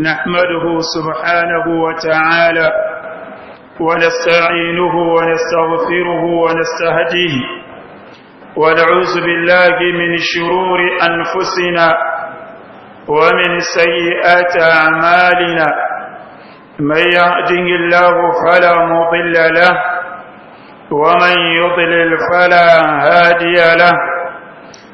نحمده سبحانه وتعالى ونستعينه ونستغفره ونستهديه ونعوذ بالله من شرور أنفسنا ومن سيئات أعمالنا من يهده الله فلا مضل له ومن يضلل فلا هادي له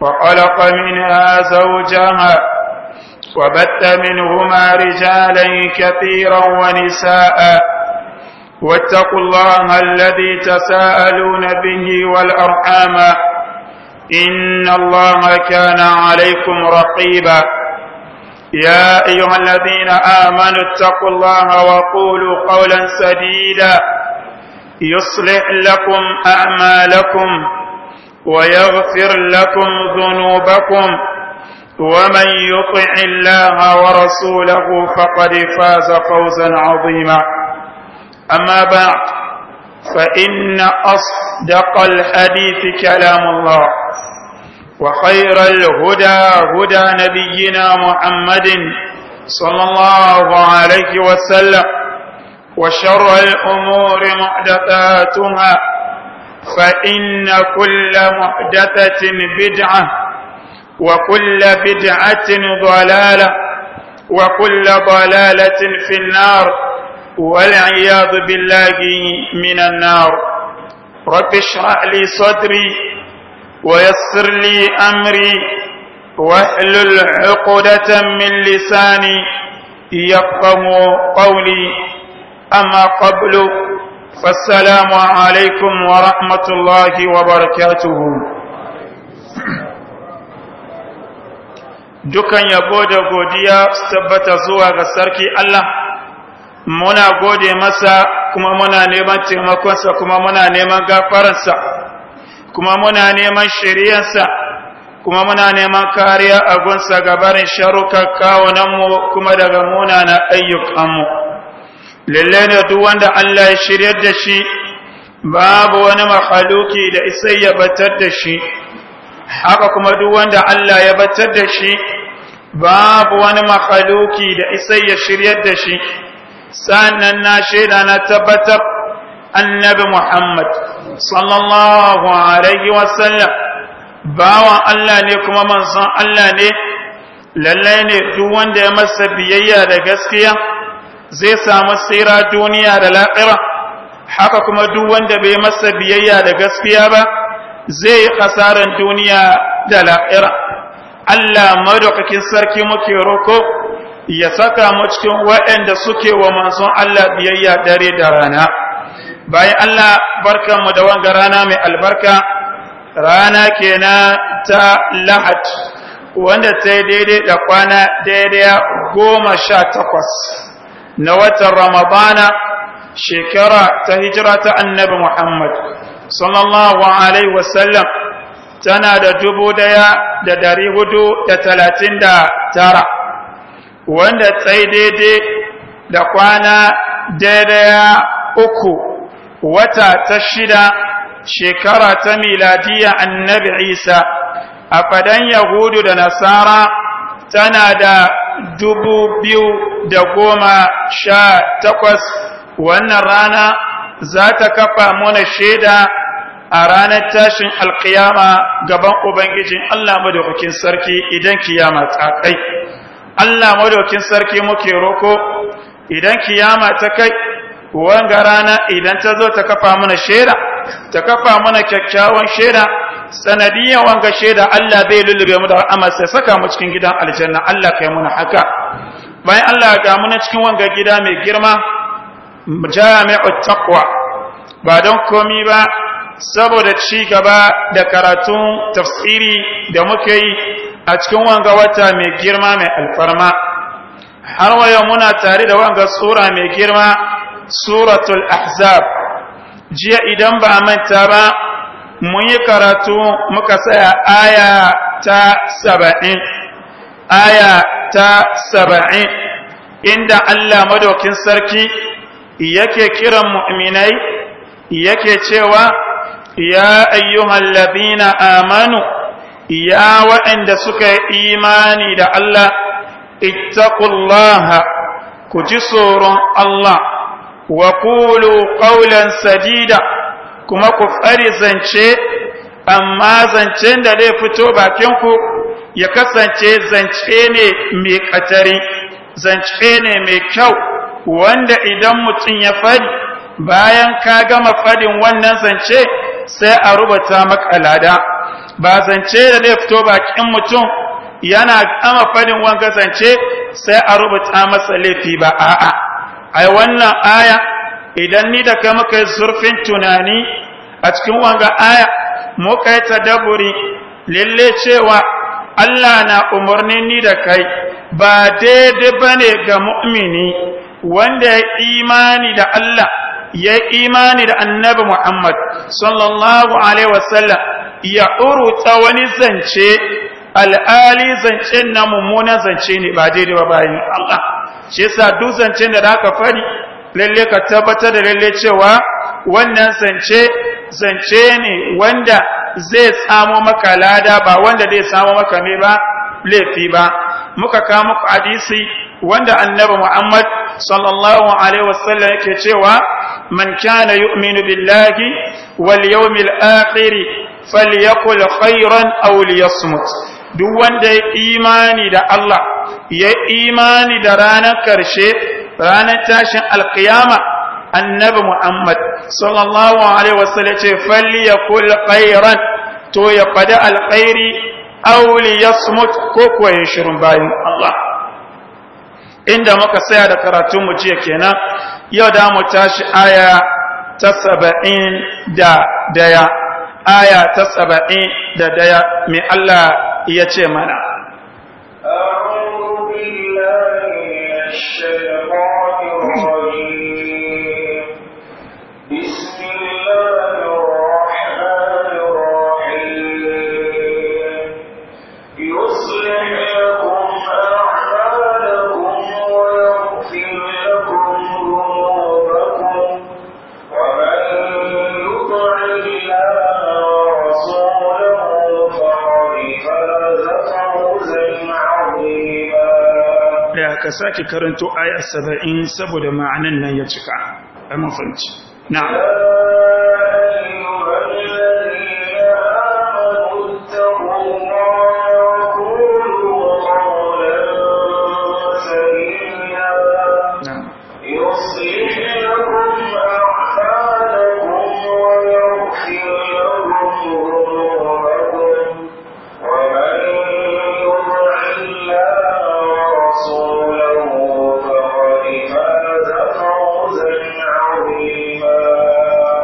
وخلق منها زوجها وبت منهما رجالا كثيرا ونساء واتقوا الله الذي تساءلون به والأرحام إن الله كان عليكم رقيبا يا أيها الذين آمنوا اتقوا الله وقولوا قولا سديدا يصلح لكم أعمالكم ويغفر لكم ذنوبكم ومن يطع الله ورسوله فقد فاز فوزا عظيما اما بعد فان اصدق الحديث كلام الله وخير الهدى هدى نبينا محمد صلى الله عليه وسلم وشر الامور محدثاتها فإن كل محدثة بدعة وكل بدعة ضلالة وكل ضلالة في النار والعياذ بالله من النار رب اشرح لي صدري ويسر لي أمري واحلل عقدة من لساني يفقه قولي أما قبل فالسلام عليكم ورحمة الله وبركاته dukan yabo da godiya tabbata zuwa ga sarki Allah muna gode masa kuma muna neman taimakonsa kuma muna neman gafaransa kuma muna neman shiryansa kuma muna neman kariya a gunsa gabarin sharukan kawunanmu kuma daga munana ayyukanmu lalle ne duk wanda Allah ya shiryar da shi babu wani mahaluki da isai ya batar da shi haka kuma duk wanda Allah ya batar da shi babu wani makaluki da isai ya shiryar da shi sannan na shaida na tabbatar annabi Muhammad sallallahu alaihi wasallam bawan Allah ne kuma manzon Allah ne lalle ne duk wanda ya masa biyayya da gaskiya zai samu tsira duniya da la'ira haka kuma duk wanda bai masa biyayya da gaskiya ba zai yi kasaran duniya da la'ira Allah madaukakin sarki muke roko ya saka mu cikin waɗanda suke wa manzon Allah biyayya dare da rana bayan Allah mu da wanga rana mai albarka rana kenan ta lahad wanda ta daidai da kwana daidai goma sha takwas na watan ramadana shekara ta hijira ta annabi muhammad sallallahu alaihi wasallam tana da dubu daya da dari hudu da talatin da tara wanda tsaye daidai da kwana daidaya uku wata ta shida shekara ta miladiya annabi isa a fadan yahudu da nasara tana da dubu biyu da goma sha takwas wannan rana za ta kafa mana shaida a ranar tashin alkiyama gaban ubangijin Allah madaukakin sarki idan kiyama ta kai Allah madaukakin sarki muke roko idan kiyama ta kai wanga rana idan ta zo ta kafa mana shaida ta kafa mana kyakkyawan shaida sanadiyan wanga shaida Allah bai lullube mu da rahama sai saka mu cikin gidan aljanna Allah kai muna haka bayan Allah ga muna cikin wanga gida mai girma jami'ut taqwa ba don komi ba saboda ci gaba da karatun tafsiri da muke yi a cikin wanga wata mai girma mai alfarma har wayo muna tare da wanga sura mai girma suratul ahzab jiya idan ba manta ba mun yi karatu muka saya aya ta saba'in aya ta saba'in inda Allah madaukin sarki yake kiran mu'minai yake cewa ya ayyuhal ladina amanu ya waɗanda suka yi imani da Allah ittaqullaha ku ji tsoron Allah wa qulu qawlan sadida kuma ku fari zance amma zancen da zai fito bakin ku ya kasance zance ne mai katari zance ne mai kyau wanda idan mutum ya fadi bayan ka gama faɗin wannan zance sai a rubuta makalada ba zance da zai fito bakin mutum yana gama faɗin wanga zance sai a rubuta masa laifi ba a'a ai wannan aya idan ni da kai muka yi zurfin tunani a cikin wanga aya muka yi daburi lalle cewa Allah na umarni ni da kai ba daidai bane ga mu'mini wanda ya imani da Allah ya imani da annabi Muhammad sallallahu alaihi wasallam ya uruta wani zance al'ali zance na mummunan zance ne ba daidai ba bayan Allah shi yasa duk zancen da zaka fari lalle ka tabbatar da lalle cewa wannan zance zance ne wanda zai samo maka lada ba wanda zai samo maka me ba laifi ba muka kawo muku hadisi wanda annabi Muhammad sallallahu alaihi wasallam yake cewa man kana yu'minu billahi wal yawmil akhir falyakul khairan aw liyasmut duk wanda imani da Allah ya imani da ranar ƙarshe, ranar tashin alkiyama annabi muhammad sallallahu alaihi wasallam ce falli ya kula khairan to ya fada alkhairi auli smut ko kuwa ya shirin bayan Allah inda muka saya da karatun mu jiya kenan yau da mu tashi aya ta saba'in da daya aya ta saba'in da daya mai Allah ya ce mana الشيطان الرجيم ka sake karanto ayat saba'in saboda ma'anan nan ya cika ai mun fahimci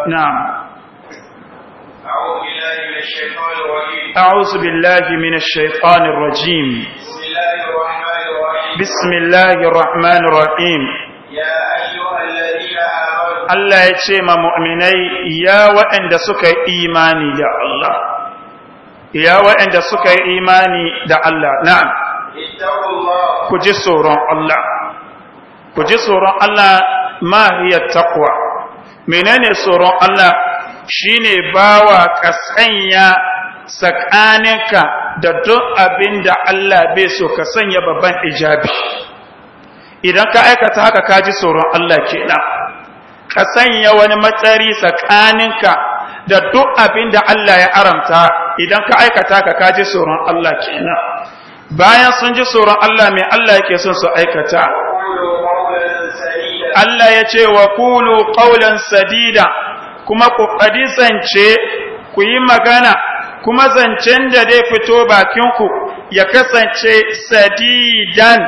نعم أعوذ بالله من الشيطان الرجيم أعوذ بالله من الشيطان الرجيم بسم الله الرحمن الرحيم بسم الله الرحمن الرحيم يا أيها الذين آمنوا الله يتشيم مؤمني يا وأن دسك إيماني يا الله يا وأن دسك إيماني دا الله نعم اتقوا الله كجسور الله كجسور الله ما هي التقوى menene tsoron Allah shi shine bawa ka sanya tsakaninka da duk abin da Allah bai so ka sanya babban ijabi idan ka aikata haka ka ji tsoron Allah kenan ka sanya wani matsari tsakaninka da duk abin da Allah ya aramta idan ka aikata ka ka ji tsoron Allah kenan bayan sun ji tsoron Allah mai Allah yake son su aikata Allah ya ce wa kulu qawlan sadida kuma ku zance ku yi magana kuma zancen da zai fito bakinku ya kasance sadidan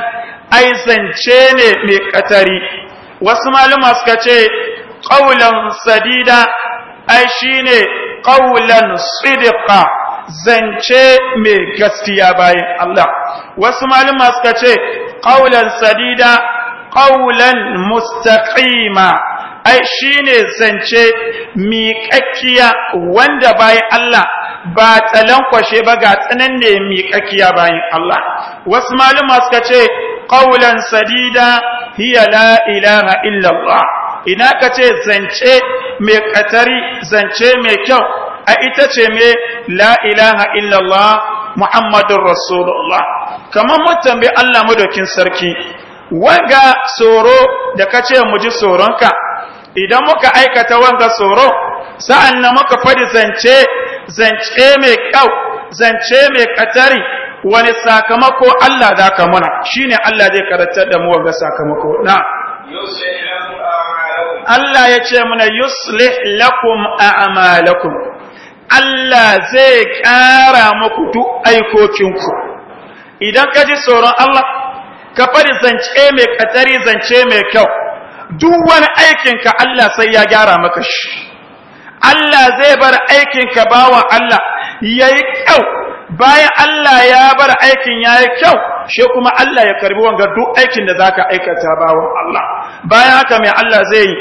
ai zance ne mai katari wasu malama suka ce qawlan sadida ai shine qawlan sidqa zance mai gaskiya bayan Allah wasu malama suka ce qawlan sadida qawlan mustaqima ai shine zance miƙakkiya wanda bai Allah ba kwashe ba ga tsananne kakkiya bai Allah wasu malama suka ce qawlan sadida hiya la ilaha illallah ina kace zance mai katari zance mai kyau a ita ce mai la ilaha illallah muhammadun rasulullah kamar mu tambayi Allah madokin sarki wanga tsoro da ka ce mu ji tsoronka idan muka aikata wanga tsoro sa'an na muka faɗi zance zance mai kyau zance mai katari wani sakamako Allah za ka muna shi ne Allah zai karatar da mu wanga sakamako na Allah ya ce muna yuslih lakum a'malakum Allah zai ƙara muku duk aikokinku idan ka ji tsoron Allah ka faɗi zance mai katari zance mai kyau duk wani aikinka Allah sai ya gyara maka shi Allah zai bar aikinka bawan Allah yayi kyau bayan Allah ya bar aikin ya kyau she kuma Allah ya karbi wanga duk aikin da zaka aikata bawan Allah bayan haka mai Allah zai yi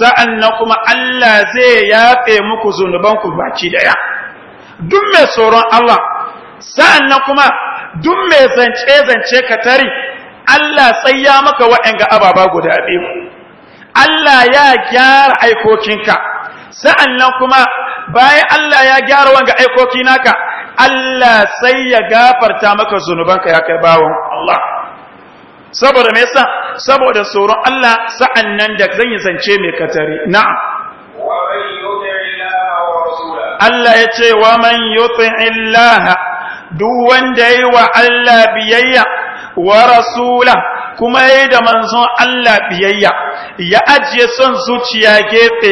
sa'an nan kuma Allah zai yafe muku zunubanku baki daya duk mai tsoron Allah sa'an nan kuma duk mai zance-zance ka tari Allah tsayya maka waɗanga ababa guda biyu Allah ya gyara aikokinka sa'an nan kuma bayan Allah ya gyara wanga aikoki naka Allah sai ya gafarta maka zunubanka ya kai bawon Allah saboda me yasa saboda tsoron Allah sa'an nan da zan yi zance mai katari na'am Allah ya ce wa man yuti duk wanda yi wa Allah biyayya wa rasula kuma yi da manzon Allah biyayya ya ajiye son zuciya gefe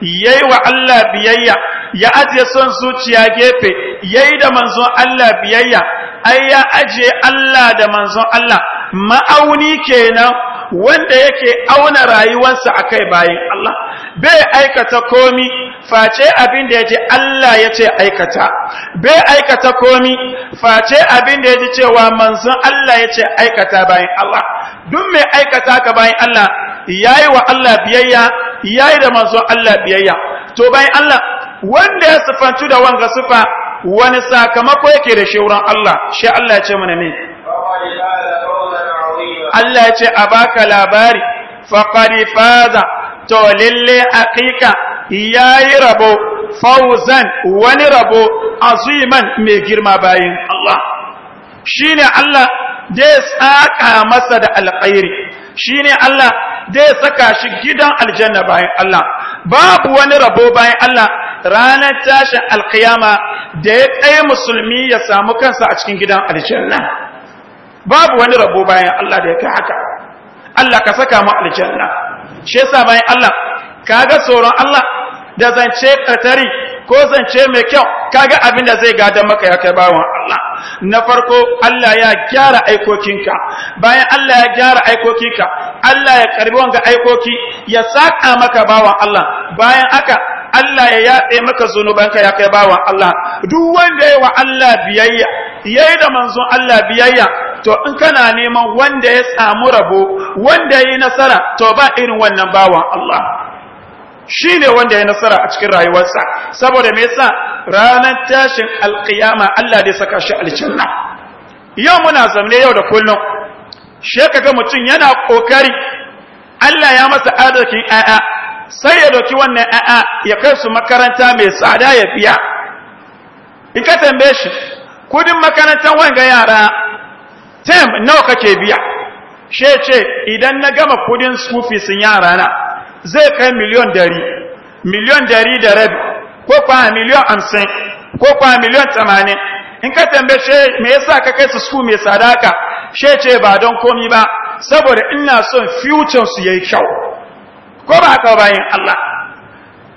yayi wa Allah biyayya ya ajiye son zuciya gefe yayi da manzon Allah biyayya ai ya ajiye Allah da manzon Allah ma'auni kenan wanda yake auna rayuwarsa akai bayin Allah bai aikata komi face abin da yaji Allah yace aikata bai aikata komi face abin da ji cewa manzon Allah yace aikata bayin Allah duk mai aikata ka bayin Allah yayi wa Allah biyayya yayi da manzon Allah biyayya to bayin Allah wanda ya sufantu da wanga sufa, wani sakamako yake da shi wurin Allah shi Allah ya ce mana ne Allah ya ce a baka labari faqad faza to lalle ya yayi rabo fawzan wani rabo aziman mai girma bayan Allah ne Allah zai saka masa da alkhairi ne Allah zai saka shi gidan aljanna bayan Allah babu wani rabo bayan Allah ranar tashin alkiyama da ya kai musulmi ya samu kansa a cikin gidan aljanna babu wani rabo bayan Allah da ya kai haka Allah ka saka mu aljanna shi yasa bayan Allah kaga tsoron Allah da zance katari ko zance mai kyau kaga abin da zai gadan maka ya kai bawan Allah na farko Allah ya gyara aikokinka bayan Allah ya gyara aikokinka Allah ya karbi wanga aikoki ya saka maka bawan Allah bayan haka. Allah ya yaɗe maka zunubanka ya kai bawan Allah duk wanda ya wa Allah biyayya ya yi da manzon Allah biyayya to in kana neman wanda ya samu rabo wanda ya yi nasara to ba irin wannan bawan Allah shi ne wanda ya nasara a cikin rayuwarsa saboda me yasa ranar tashin al-kiyama Allah zai saka shi aljanna yau muna zamne yau da kullum she kaga mutum yana ƙoƙari. Allah ya masa arzikin 'ya'ya sai ya doki wannan a'a ya kai su makaranta mai tsada ya fiya in ka tambaye shi kudin makarantar wanga yara tem nawa kake biya she ce idan na gama kudin sun yara na zai kai miliyon dari miliyon dari da rabi ko kwa miliyon hamsin ko kwa miliyon tamanin in ka tambaye shi me yasa ka kai su su mai ka? she ce ba don komi ba saboda ina son future su yayi kyau ko ba haka bayan Allah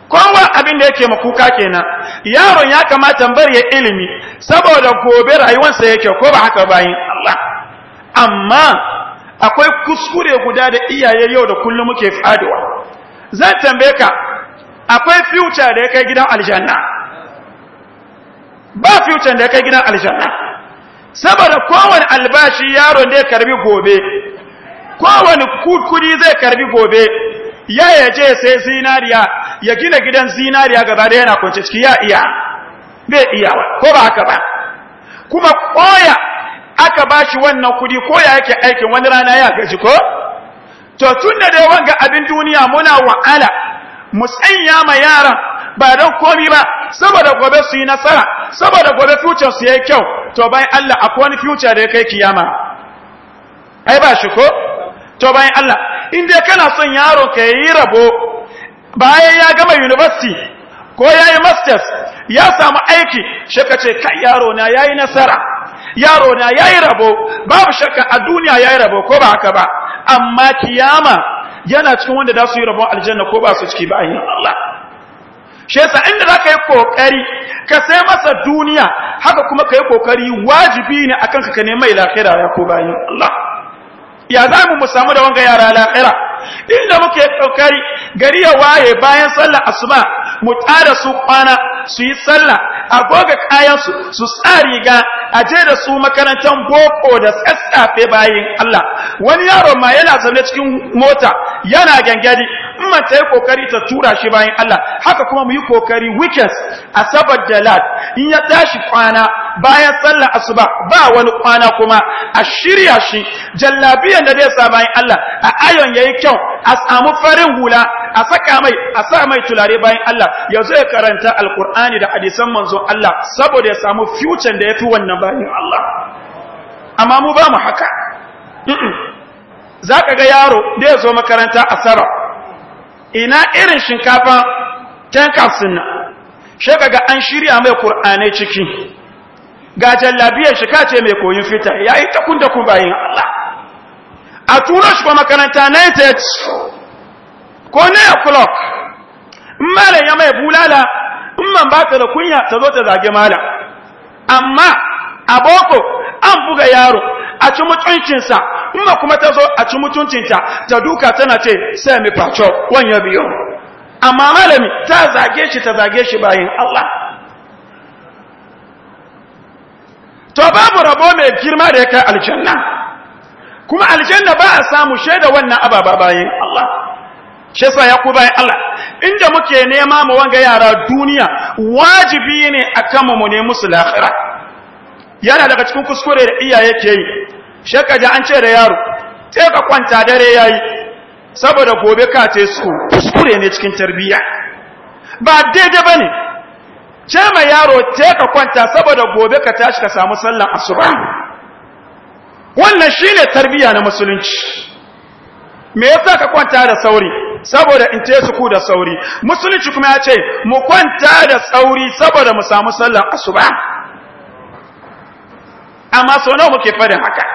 kowa abin da yake makuka kenan yaron ya kamata bar ya ilimi saboda gobe rayuwarsa yake ko ba haka bayan Allah amma akwai kuskure guda da iyaye yau da kullum muke faduwa zan tambaye ka akwai future da ya kai gidan aljanna ba future da ya kai gidan aljanna saboda kowane albashi yaron da ya karbi gobe kowane kudi zai karbi gobe ya yaje sai zinariya ya gina gidan zinariya gaba da yana kwance ciki ya iya bai iya ko ba haka ba kuma koya aka bashi wannan kudi koya yake aikin wani rana ya gaji ko to tun da wanga abin duniya muna wa'ala mu tsanya ma yaran ba don komi ba saboda gobe su yi nasara saboda gobe future su yi kyau to bayan Allah akwai wani future da ya kai kiyama ai ba shi ko to bayan Allah in dai kana son yaron ka yi rabo bayan ya gama university ko ya yi masters ya samu aiki shaka ce kai yaro na ya yi nasara yaro na ya yi rabo babu shaka a duniya ya yi rabo ko ba haka ba amma kiyama yana cikin wanda za su yi rabon aljanna ko ba su ciki ba yin Allah shi yasa inda za ka yi kokari ka sai masa duniya haka kuma ka yi kokari wajibi ne akan ka ne mai lafiya ya ko bayan Allah ya za mu mu samu da wanga yara lahira inda muke kokari gari ya waye bayan sallar asuba mu tsara su kwana su yi sallah a goga kayan su su tsari ga a je da su makarantar boko da sassafe bayan Allah wani yaro ma yana zaune cikin mota yana gangadi in ta yi kokari ta tura shi bayan Allah haka kuma mu yi kokari weekends asabar da lad in ya tashi kwana bayan sallar asuba ba wani kwana kuma a shirya shi jallabiyan da zai sa bayan Allah a ayon yayi kyau a samu farin hula a saka mai a sa mai tulare bayan Allah ya zo ya karanta alkur'ani da hadisan manzon Allah saboda ya samu future da ya fi wannan bayan Allah amma mu ba mu haka zaka ga yaro da ya zo makaranta a sara ina irin shinkafa tankansin nan she kaga an shirya mai kur'anai ciki ga jallabiyar shi kace mai koyin fita yayi yi takun da bayan Allah a turo shi ba makaranta 9:30 ko 9 o'clock ya mai bulala in ba ta da kunya ta zo ta zage mala amma a boko an buga yaro a ci mutuncinsa kuma ta zo a ci mutuncinta ta duka tana ce sai mi faco wanya biyu amma malami ta zage shi ta zage shi bayan Allah to babu rabo mai girma da ya kai aljanna kuma aljanna ba a samu shaida wannan ababa bayan Allah shi yasa ya bayan Allah inda muke nema mu wanga yara duniya wajibi ne akan mu ne musu lahira yana daga cikin kuskure da iyaye ke yi shaka ji an ce da yaro sai ka kwanta dare yayi saboda gobe ka ce su kuskure ne cikin tarbiyya ba daidai bane ce mai yaro sai ka kwanta saboda gobe ka tashi ka samu sallan asuba wannan shine tarbiya na musulunci me yasa ka kwanta da sauri saboda in ce su ku da sauri musulunci kuma ya ce mu kwanta da sauri saboda mu samu sallar asuba amma sau nawa muke faɗin haka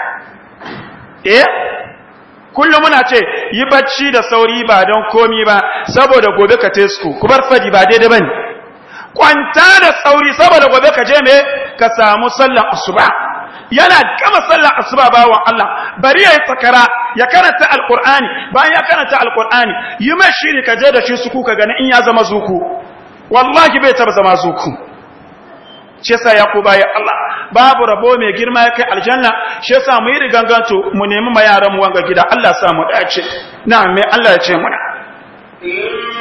eh kullum muna ce yi bacci da sauri ba don komi ba saboda gobe ka su ku bar fadi ba daidai ne. kwanta da sauri saboda gobe ka je me ka samu sallar asuba yana gama sallar asuba bawon Allah bari yayi tsakara ya karanta alqur'ani bayan ya karanta alqur'ani yi mai shiri ka je da shi suku ka gani in ya zama zuku wallahi bai tar zama zuku ce sa ya kuba ya Allah babu rabo mai girma ya kai aljanna shi yasa mu yi riganganto mu nemi ma yaran mu wanga gida Allah sa mu dace na mai Allah ya ce muna inna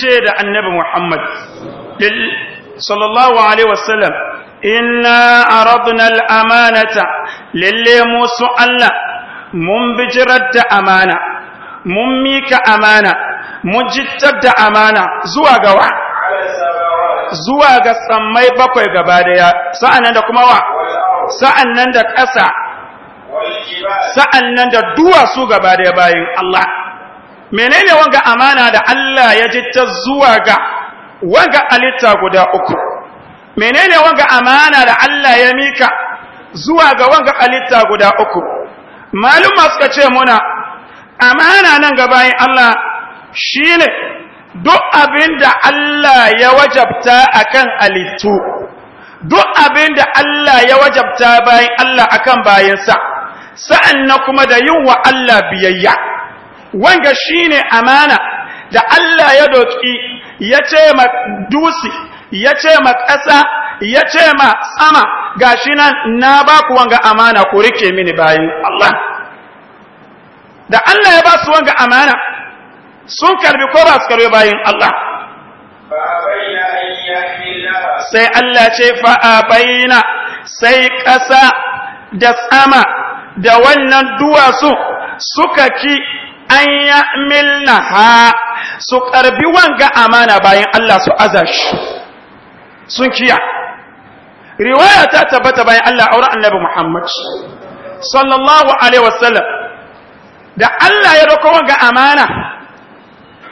ce da annabi Muhammad sallallahu alaihi wasallam inna aradna al-amanata lalle mu su Allah mun bijirar da amana mun mika amana mun jittar da amana zuwa ga wa zuwa ga sammai bakwai gaba daya sa'annan da kuma wa sa'annan da ƙasa sa'annan da duwa su gaba daya bayin Allah menene wanga amana da Allah ya jitta zuwa ga wanga alitta guda uku menene wanga amana da Allah ya mika zuwa ga wanga alitta guda uku maluma suka ce muna amana nan ga bayan Allah shine duk abinda Allah ya wajabta akan alittu duk abinda Allah ya wajabta bayan Allah akan bayansa sa'an na kuma da yin wa Allah biyayya wanga shine amana da Allah ya doki ya ce ma dusi ya ce ma ƙasa ya ce ma sama gashi nan na ba ku wanga amana ku rike mini bayi Allah da Allah ya ba su wanga amana sun karbi ko ba su karbi bayin Allah sai Allah ce fa'abaina sai ƙasa da sama da wannan duwatsu suka ki an milna ha su karbi wanga amana bayan Allah su azashi sun kiya riwaya ta tabbata bayan Allah auren annabi Muhammad sallallahu alaihi wasallam da Allah ya dauko wanga amana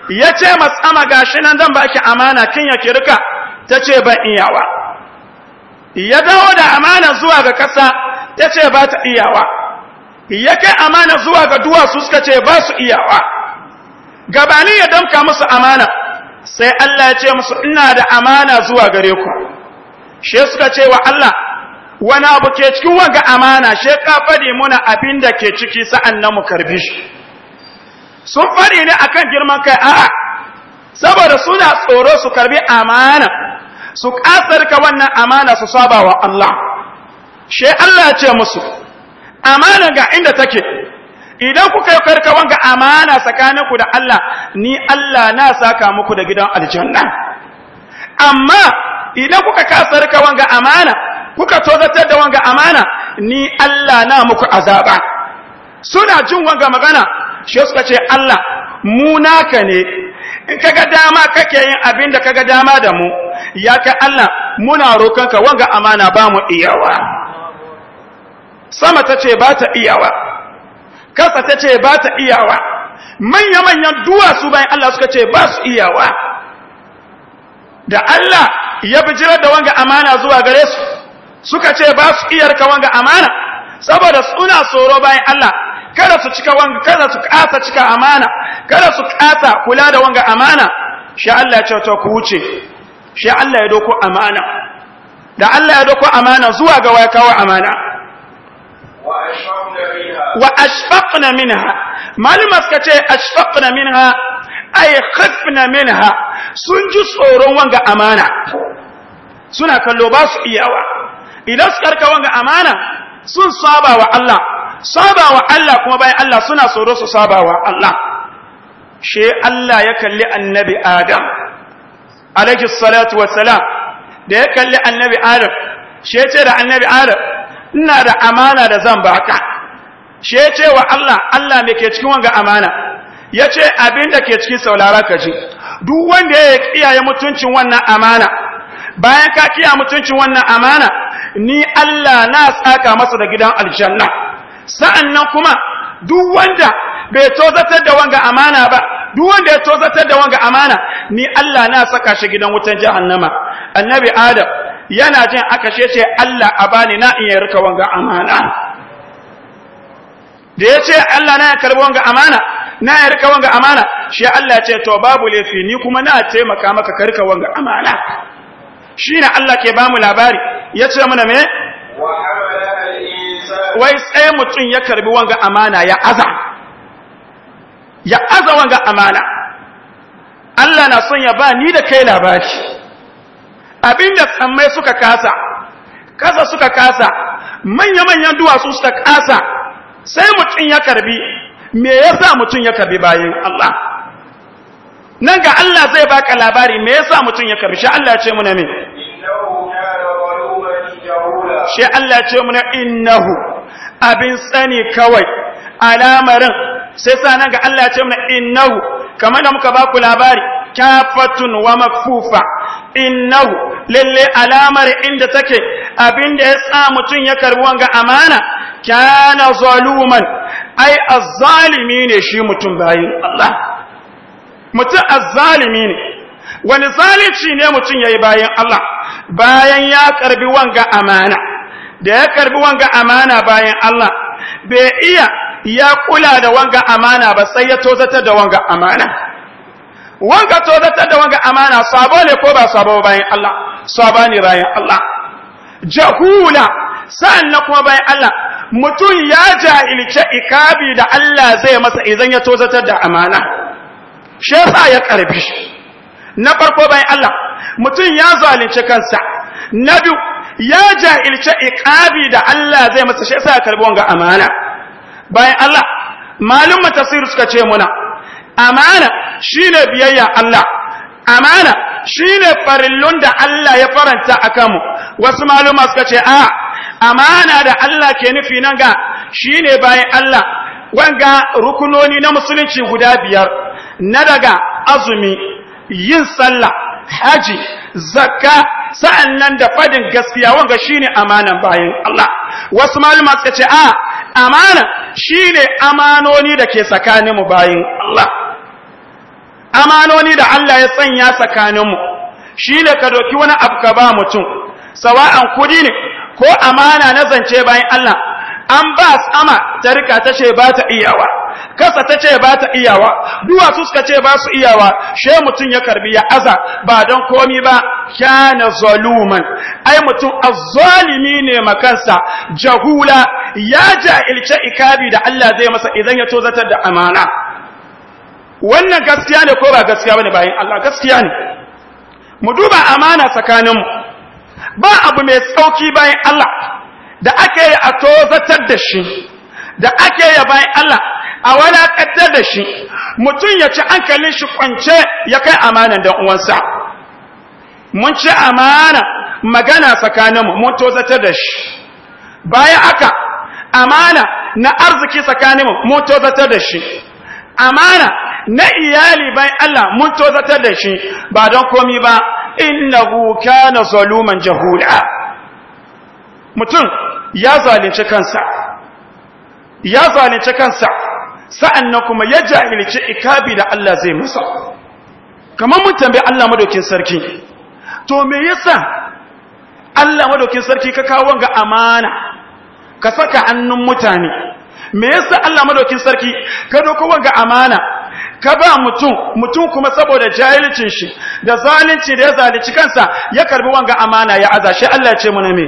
ya ce matsama gashi nan zan baki amana kin yake rika ta ce ban iyawa ya dawo da amana zuwa ga ƙasa, ta ce ba ta iyawa ya kai amana zuwa ga duwatsu suka ce ba su iyawa gabani ya damka musu amana sai Allah ya ce musu ina da amana zuwa gare ku she suka ce wa Allah wani abu ke cikin wanga amana she ka muna abin da ke ciki sa'an nan mu karbi shi sun fadi ne akan girman kai a'a saboda suna tsoro su karbi amana su kasar ka wannan amana su saba wa Allah she Allah ya ce musu amana ga inda take idan kuka yi karkawan ga amana tsakaninku da Allah ni Allah na saka muku da gidan aljanna amma idan kuka kasar ka wanga amana kuka tozatar da wanga amana ni Allah na muku azaba suna jin wanga magana shi suka ce Allah mu naka ne in kaga dama kake yin abinda da kaga dama da mu ya ka Allah muna roƙonka wanga amana ba mu iyawa sama ta ce ba ta iyawa kasa ta ce ba ta iyawa manya-manyan duwatsu bayan Allah suka ce ba su iyawa da Allah ya bijirar da wanga amana zuwa gare su suka ce ba su iyarka wanga amana saboda suna tsoro bayan Allah kada su cika wanga kada su kasa cika amana kada su kasa kula da wanga amana shi Allah ya ce ku wuce shi Allah ya doko amana da Allah ya doko amana zuwa ga waya kawo amana wa ashfaqna minha malama suka ce ashfaqna minha ay khafna minha sun ji tsoron wanga amana suna kallo ba su iyawa idan su karka wanga amana sun saba wa Allah saba wa Allah kuma bayan Allah suna tsoro su saba wa Allah she Allah ya kalli annabi Adam alaihi salatu wassalam da ya kalli annabi Adam she ce da annabi Adam ina da amana da zan baka shi ya ce wa Allah Allah mai ke cikin wanga amana ya ce abin da ke cikin saulara ka ji duk wanda ya kiyaye mutuncin wannan amana bayan ka kiyaye mutuncin wannan amana ni Allah na tsaka masa da gidan aljanna Sa'an nan kuma duk wanda bai tozatar da wanga amana ba duk wanda ya tozatar da wanga amana ni Allah na saka shi gidan wutan jahannama annabi adam yana jin aka shece Allah a bani na iya rika wanga amana da ya ce Allah na ya karbi wanga amana na ya rika wanga amana shi Allah ce to babu laifi ni kuma na taimaka maka karka wanga amana shi na Allah ke bamu labari ya ce mana me wai sai mutum ya karbi wanga amana ya aza ya aza wanga amana Allah na son ya ba ni da kai labari abinda tsammai suka kasa kasa suka kasa manya-manyan duwatsu suka kasa sai mutum ya karbi me yasa mutum ya karbi bayan Allah nan ga Allah zai baka labari me yasa mutum ya karbi shi Allah ya ce muna me shi Allah ya ce muna innahu abin sani kawai alamarin sai sa nan ga Allah ya ce muna innahu kamar da muka baku labari kafatun wa makfufa innahu lalle alamar inda take abinda ya sa mutum ya karbi wanga amana kana zaluman ai azzalimi ne shi mutum bayin Allah mutum azzalimi ne wani zalici ne mutum yayi bayin Allah bayan ya karbi wanga amana da ya karbi wanga amana bayan Allah bai iya ya kula da wanga amana ba sai ya tozata da wanga amana wanga to da wanga amana sabo ne ko ba sabo bayan Allah sabo ne bayan Allah jahula sannan kuma bayan Allah mutum ya jahilce ikabi da Allah zai masa idan ya tozatar da amana shi yasa ya karbi na farko bayan Allah mutum ya zalunce kansa na biyu ya jahilce ikabi da Allah zai masa shi yasa ya karbi wanga amana bayan Allah malum tafsir suka ce muna amana shine biyayya Allah amana shine farillun da Allah ya faranta a mu wasu maluma suka ce a amana da Allah ke nufi nan ga shine bayan Allah wanga rukunoni na musulunci guda biyar na daga azumi yin sallah haji zakka sa'an nan da fadin gaskiya wanga shine amana bayan Allah wasu maluma suka ce a amana shine amanoni da ke tsakaninmu bayan Allah amanoni da Allah ya sanya tsakaninmu shi ne ka doki wani abu ka ba mutum sawa'an kudi ne ko amana na zance bayan Allah an ba sama ta rika ta ce ba ta iyawa kasa ta ce ba ta iyawa duwatsu suka ce ba su iyawa she mutum ya karbi ya aza ba don komi ba kyana zaluman ai mutum azzalimi ne makansa jahula ya jahilce ikabi da Allah zai masa idan ya tozatar da amana wannan gaskiya ne ko ba gaskiya bane bayan Allah gaskiya ne mu duba amana tsakanin ba abu mai sauki bayan Allah da ake yi a tozatar da shi da ake yi bayan Allah a walakatar da shi mutum ya ci hankalin shi kwance ya kai amanan dan uwansa mun ci amana magana tsakanin mu mun tozatar da shi bayan haka amana na arziki tsakanin mu mun tozatar da shi amana na iyali bai Allah mun tozatar da shi ba don komi ba innahu kana zaluman jahula mutum ya zalunci kansa ya zalunci kansa sa'annan kuma ya jahilci ikabi da Allah zai masa kamar mun tambaye Allah madaukin sarki to me yasa Allah madaukin sarki ka kawo ga amana ka saka hannun mutane me yasa Allah madaukin sarki ka doko wanga amana ka ba mutum mutum kuma saboda jahilcin shi da zalunci da ya zalunci kansa ya karbi wanga amana ya azashi Allah ya ce mu ne me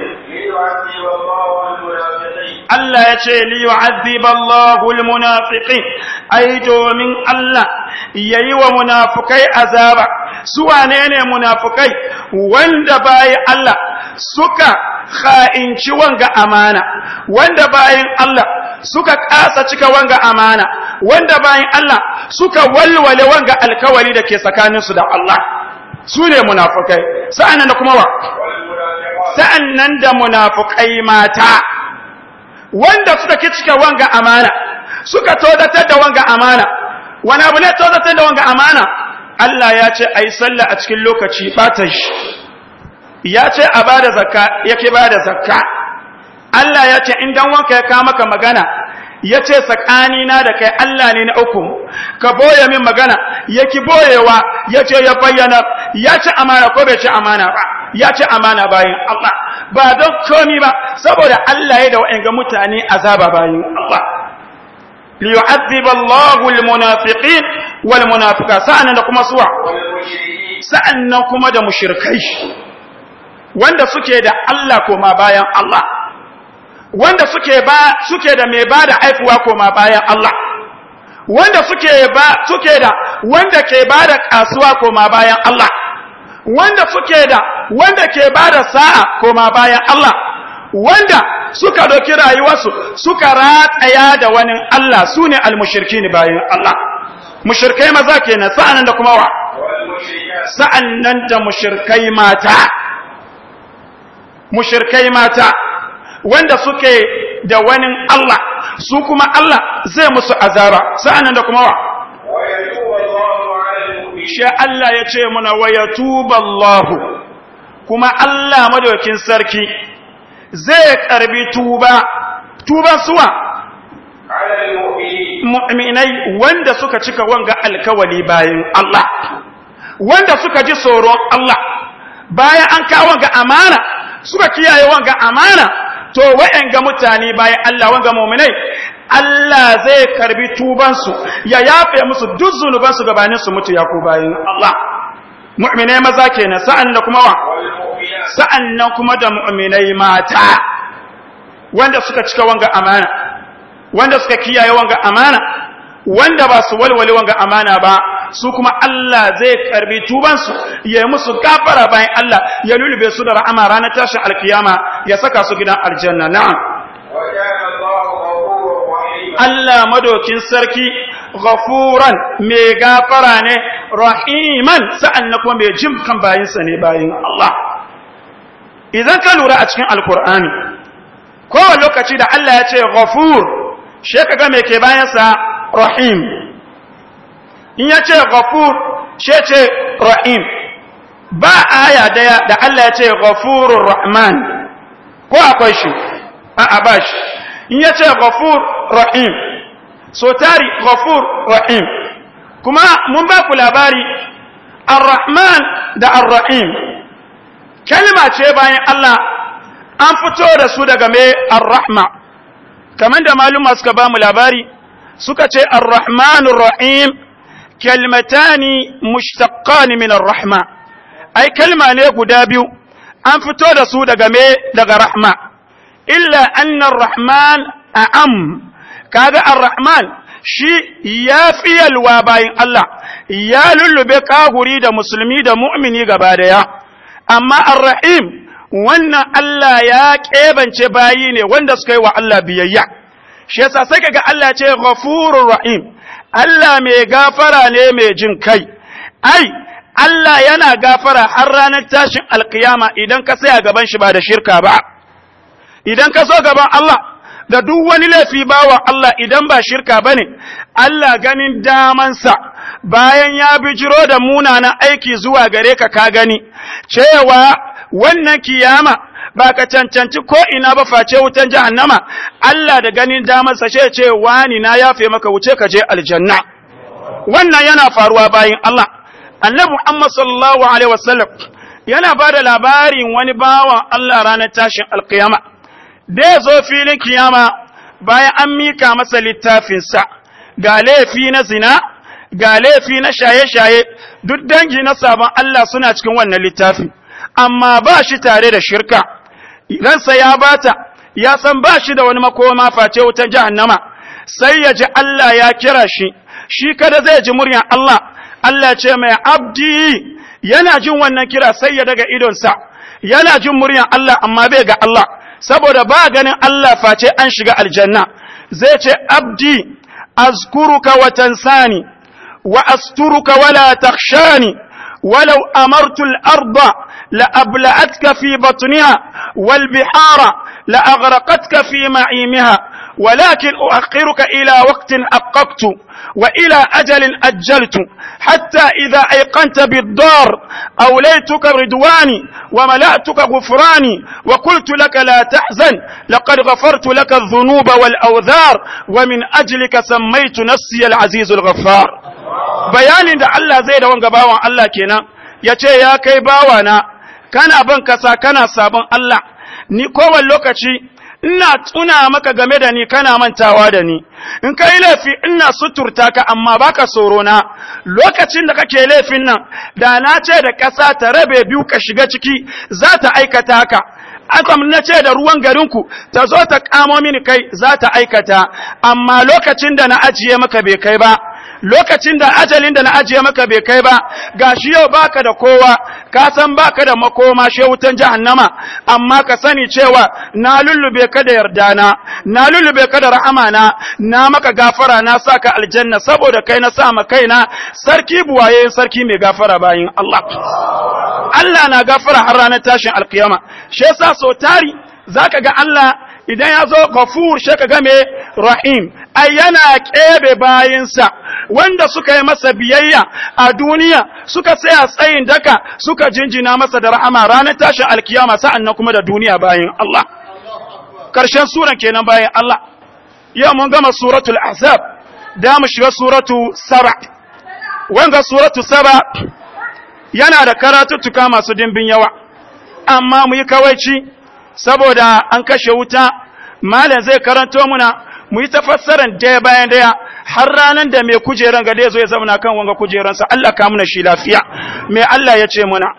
Allah ya ce li yu'adhiba Allahu almunafiqin ai domin Allah yayi wa munafikai azaba su wane ne munafikai wanda bayi Allah suka kha'inci wanga amana wanda bayin Allah suka kasa cika wanga amana wanda bayin Allah suka walwale wanga alkawari da ke tsakaninsu da Allah su ne munafukai sa'an nan da kuma wa sa'an nan da munafukai mata wanda suka cika wanga amana suka todatar da wanga amana wani abu ne todatar da wanga amana Allah ya ce a yi sallah a cikin lokaci ɓatan shi ya ce a bada zakka yake ba da zakka Allah ya ce in dan wanka ya kama maka magana ya ce na da kai Allah ne na uku ka boye min magana yake boyewa ya ce ya bayyana ya ce amana ko bai ce amana ba ya ce amana bayan Allah ba don komi ba saboda Allah ya da wa'anga mutane azaba bayin Allah liyu'adhib Allahu almunafiqin wal munafiqa sa'an da kuma suwa sa'an kuma da mushrikai wanda suke da Allah koma bayan Allah wanda suke ba suke da mai bada aifuwa koma bayan Allah wanda suke ba suke da wanda ke bada kasuwa koma bayan Allah wanda suke da wanda ke bada sa'a koma bayan Allah wanda suka doki rayuwarsu suka rataya da wani Allah su ne almushirki bayan Allah mushirkai maza kenan sa’an da kuma wa nan da mushirkai mata mushirkai mata wanda suke da wani Allah su kuma Allah zai musu azaba nan da kuma wa shi Allah ya ce muna waya tuballahu kuma Allah madaukin sarki zai karbi tuba tuba suwa mu'minai wanda suka cika wanga alkawali bayan Allah wanda suka ji tsoron Allah bayan an kawo wanga amana suka kiyaye wanga amana to wa'anga mutane bayan Allah wanga mu'minai Allah zai karbi tubansu ya yafe musu duk zunubansu gabanin su mutu ya ko bayin Allah mu'minai maza kenan sa'an da kuma wa sa'an nan kuma da mu'minai mata wanda suka cika wanga amana wanda suka kiyaye wanga amana wanda ba su walwale wanga amana ba su kuma Allah zai karbi tubansu ya yi musu gafara bayan Allah ya lulube su da ra'ama ranar tashin alkiyama ya saka su gidan aljanna na'am Allah madokin sarki ghafuran mai gafara ne rahiman sa'an na kuma mai jin kan bayinsa ne bayin Allah idan ka lura a cikin alkur'ani kowane lokaci da Allah ya ce ghafur shi ka ga mai ke bayansa rahim in ya ce ghafur shi ce rahim ba aya daya da Allah ya ce ghafurur rahman ko akwai shi a'a ba in ya ce ghafur rahim sotari tari ghafur rahim kuma mun ba ku labari arrahman da ar-rahim kalma ce bayan Allah an fito da su daga me ar-rahma kamar da maluma suka ba mu labari suka ce ar rahim kalmatani mushtaqan min ar ai kalma ne guda biyu an fito da su daga me daga rahma illa anna ar a'am kaga ar-rahman shi ya fi yalwa bayin Allah ya lullube kahuri da musulmi da mu'mini gaba daya amma ar-rahim wannan Allah ya kebance bayi ne wanda suka yi wa Allah biyayya shi yasa sai kaga Allah ce ghafurur rahim Allah mai gafara ne mai jin kai ai Allah yana gafara har ranar tashin alkiyama idan ka tsaya gaban shi ba da shirka ba, idan ka so gaban Allah da duk wani laifi bawa Allah idan ba shirka bane Allah ganin damansa bayan ya bijiro da munanan aiki zuwa gare ka ka gani cewa wannan kiyama ba ka cancanci ko ina ba face wutan jahannama Allah da ganin damansa ce ce wani na yafe maka wuce ka je aljanna wannan yana faruwa bayan Allah annabi Muhammad sallallahu alaihi wasallam yana ba da labarin wani bawan Allah ranar tashin alkiyama da ya zo filin kiyama bayan an mika masa littafinsa ga laifi na zina ga laifi na shaye-shaye duk dangi na sabon Allah suna cikin wannan littafi amma ba shi tare da shirka ransa ya bata ya san ba shi da wani makoma face wuta jahannama sai ya ji Allah ya kira shi shi kada zai ji muryan Allah Allah ce mai abdi yana jin wannan kira sai ya daga idonsa yana jin muryan Allah amma bai ga Allah saboda ba ganin Allah face an shiga aljanna zai ce abdi azkuruka wa tansani wa asturuka wala takhshani ولو la abla'atka fi batniha wal bihara لأغرقتك في معيمها ولكن أؤخرك إلى وقت أققت وإلى أجل أجلت حتى إذا أيقنت بالدار أوليتك رضواني وملأتك غفراني وقلت لك لا تحزن لقد غفرت لك الذنوب والأوذار ومن أجلك سميت نفسي العزيز الغفار بيان إن الله زيد da الله كنا Allah kenan كان ce ya kai سابن الله ni kowane lokaci ina tuna maka game da ni kana mantawa da ni in ka yi laifi ina suturta ka amma baka tsoro na lokacin da kake laifin nan da na ce da ƙasa ta rabe biyu ka shiga ciki za ta aikata ka akwam na ce da ruwan garin ku ta zo ta kamo mini kai za ta aikata amma lokacin da na ajiye maka bai kai ba lokacin da ajalin da na ajiye maka bai kai ba ga shi yau baka da kowa ka san baka da makoma she wutan jahannama amma ka sani cewa na lullube ka da yarda na na lullube ka da rahamana na na maka gafara na saka aljanna saboda kai na sa maka kaina sarki buwaye sarki mai gafara bayin Allah Allah na gafara har ranar tashin alkiyama shi yasa so tari zaka ga Allah idan ya zo gafur shi ka game rahim ai yana kebe bayinsa wanda suka yi masa biyayya a duniya suka tsaya tsayin daka suka jinjina masa da rahama ranar tashin alkiyama sa'an nan kuma da duniya bayan Allah karshen suran kenan bayan Allah yau mun gama suratul azab da mu shiga suratu saba wanga suratu saba yana da karatuttuka masu dimbin yawa amma mu yi kawaici saboda an kashe wuta malam zai karanto muna mu yi tafassaran daya bayan daya har ranar da mai kujeran ga ya zo ya zauna kan wanga kujeransa Allah ka muna shi lafiya mai Allah ya ce muna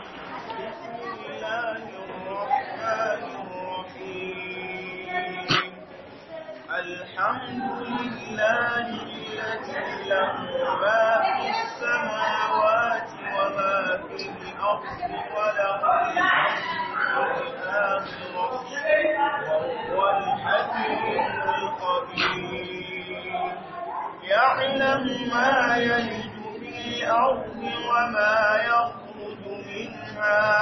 ما يلج في الأرض وما يخرج منها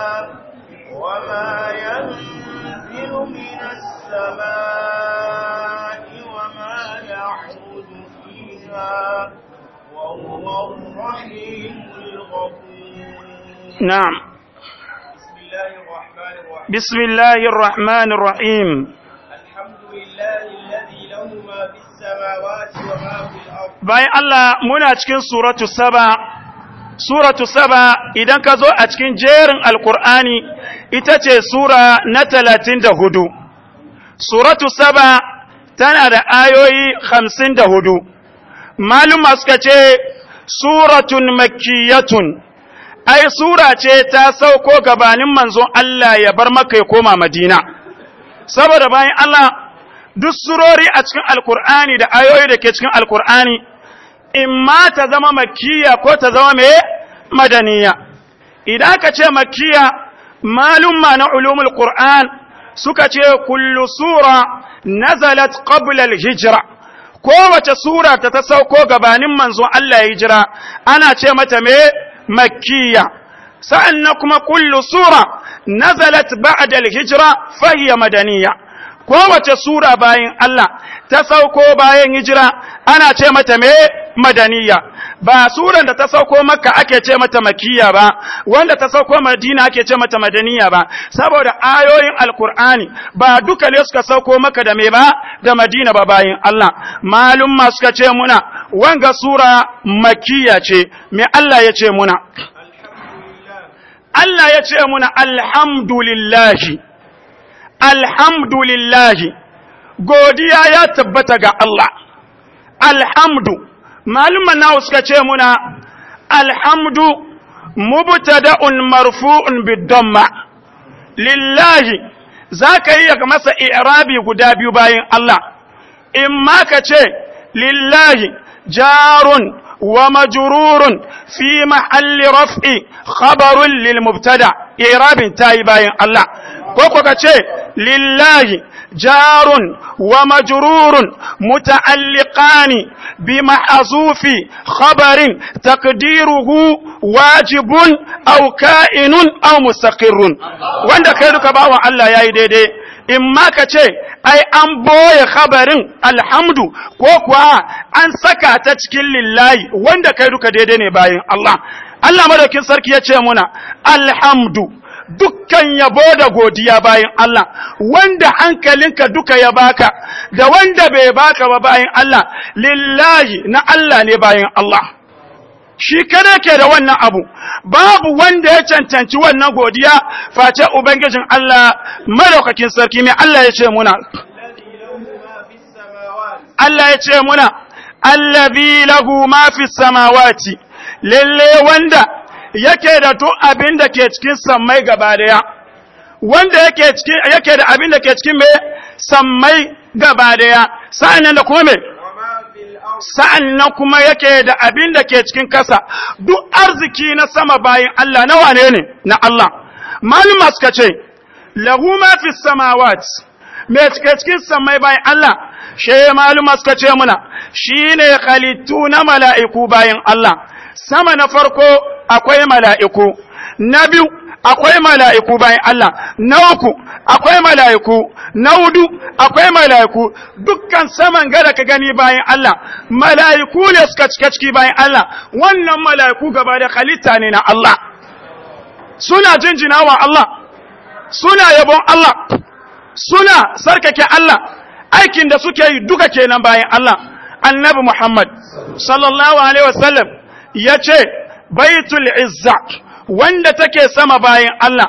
وما ينزل من السماء وما يعود فيها وهو الرحيم الغفور نعم بسم الله الرحمن الرحيم bayan Allah muna cikin suratu saba suratu saba idan ka zo a cikin jerin alkur'ani ita ce sura na talatin da hudu suratu saba tana da ayoyi hamsin da hudu maluma suka ce suratun makiyatun ai sura ce ta sauko gabanin manzon Allah ya bar maka ya koma madina saboda bayan Allah duk surori a cikin alkur'ani da ayoyi da ke cikin alkur'ani in ma ta zama makiya ko ta zama mai madaniya idan ka ce makiya ma na ulumul qur'an suka ce kullu sura nazalat qabla al-hijra kowace sura ta ta sauko gabanin manzu Allah ya hijira ana ce mata me makkiya sa'an na kuma kullu sura nazalat ba'da al-hijra madaniya kowace sura bayan Allah ta sauko bayan hijira ana ce mata me madaniya ba suran da ta sauko makka ake ce mata makiyya ba wanda ta sauko madina ake ce mata madaniya ba saboda ayoyin alkur'ani ba duka ne suka sauko maka da me ba da madina ba bayin Allah malum ma suka ce muna wanga sura makiyya ce me Allah ya ce muna Allah ya ce muna alhamdulillahi alhamdulillahi godiya ya tabbata ga Allah alhamdu malumman nawa suka ce muna alhamdu mubtada'un marfu'un bid lillahi zaka yi ka masa i'rabi guda biyu bayan Allah in ma ka ce lillahi jarun wa majrurun fi mahalli raf'i khabarun lil mubtada i'rabin tayi bayan Allah ko ko ka ce لله جار ومجرور متعلقان بمحذوف خبر تقديره واجب أو كائن أو مستقر وعند كذلك باوى الله يا ديدي إما كتشي ai an boye khabarin alhamdu ko kuwa an saka ta cikin lillahi wanda kai duka daidai ne bayan Allah Allah madaukin sarki ya ce muna alhamdu dukkan yabo da godiya bayan Allah wanda hankalinka duka ya baka da wanda bai baka ba bayan Allah lillahi na Allah ne bayan Allah shi kada ke da wannan abu babu wanda ya cancanci wannan godiya face ubangijin Allah madaukakin sarki mai Allah ya ce muna Allah ya ce muna allazi lahu ma fi samawati lalle wanda yake da to abin da ke cikin sammai gaba daya wanda yake cikin yake da abin da ke cikin me sammai gaba daya sa'annan da kuma me sa'annan kuma yake da abin da ke cikin kasa duk arziki na sama bayin Allah na wane ne na Allah malum suka ce lahu ma fi samawati me cike cikin samai bayan Allah shi malum suka ce muna shi ne halittu na mala'iku bayan Allah sama na farko akwai mala'iku na biyu akwai mala'iku bayan Allah na uku akwai mala'iku na hudu akwai mala'iku dukkan saman gada ka gani bayan Allah mala'iku ne suka cika ciki bayan Allah wannan mala'iku gaba da halitta ne na Allah suna jinjina wa Allah suna yabon Allah suna sarkake Allah aikin da suke yi duka kenan bayan Allah annabi Muhammad sallallahu alaihi wasallam ya ce baitul izza wanda take sama bayan Allah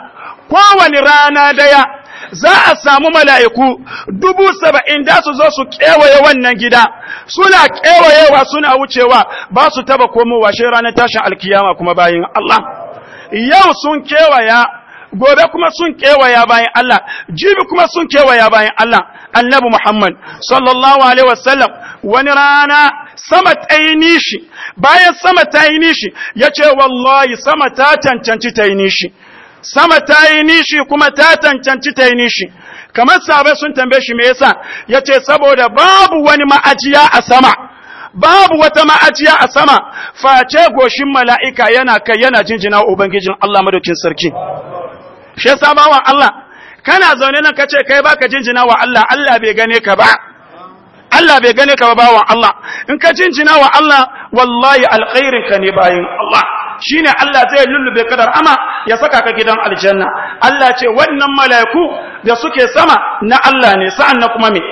kowane rana daya za a samu mala'iku dubu saba'in da su zo su kewaye wannan gida suna kewayewa suna wucewa ba su taba komowa shi ranar tashin alkiyama kuma bayan Allah yau sun kewaya gobe kuma sun kewaya bayan Allah jibi kuma sun kewaya bayan Allah annabi Muhammad sallallahu alaihi wasallam wani rana sama ta yi nishi bayan sama ta yi nishi ya ce wallahi sama ta cancanci ta yi nishi sama ta yi nishi kuma ta cancanci ta yi nishi kamar sabai sun tambaye shi me yasa ya ce saboda babu wani ma'ajiya a sama babu wata ma'ajiya a sama face goshin mala'ika yana kai yana jinjina ubangijin Allah madaukin sarki shi yasa Allah kana zaune nan ka ce kai baka jinjina wa Allah Allah bai gane ka ba Allah bai gane ka ba bawan Allah in ka jinjina wa Allah wallahi alkhairin ka ne bayin Allah shine Allah zai lullube kadar ama ya saka ka gidan aljanna Allah ce wannan malaiku da suke sama na Allah ne sa'an na kuma me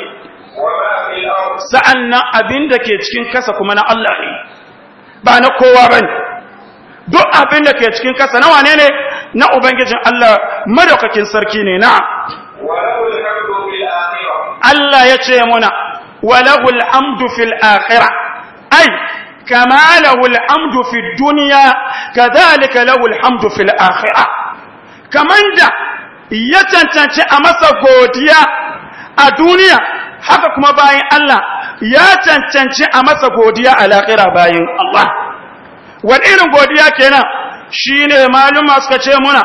sa'an na abinda ke cikin kasa kuma na Allah ne ba na kowa bane duk abinda ke cikin kasa na wane ne na ubangijin Allah madaukakin sarki ne na Allah ya ce muna walahul amdu fil akhirah ai kama lahul amdu fid dunya kadhalika lahul hamdu fil akhirah kaman da ya cancanci a masa godiya a duniya haka kuma bayan Allah ya cancanci a masa godiya a lahira bayan Allah wani irin godiya kenan shine maluma suka ce muna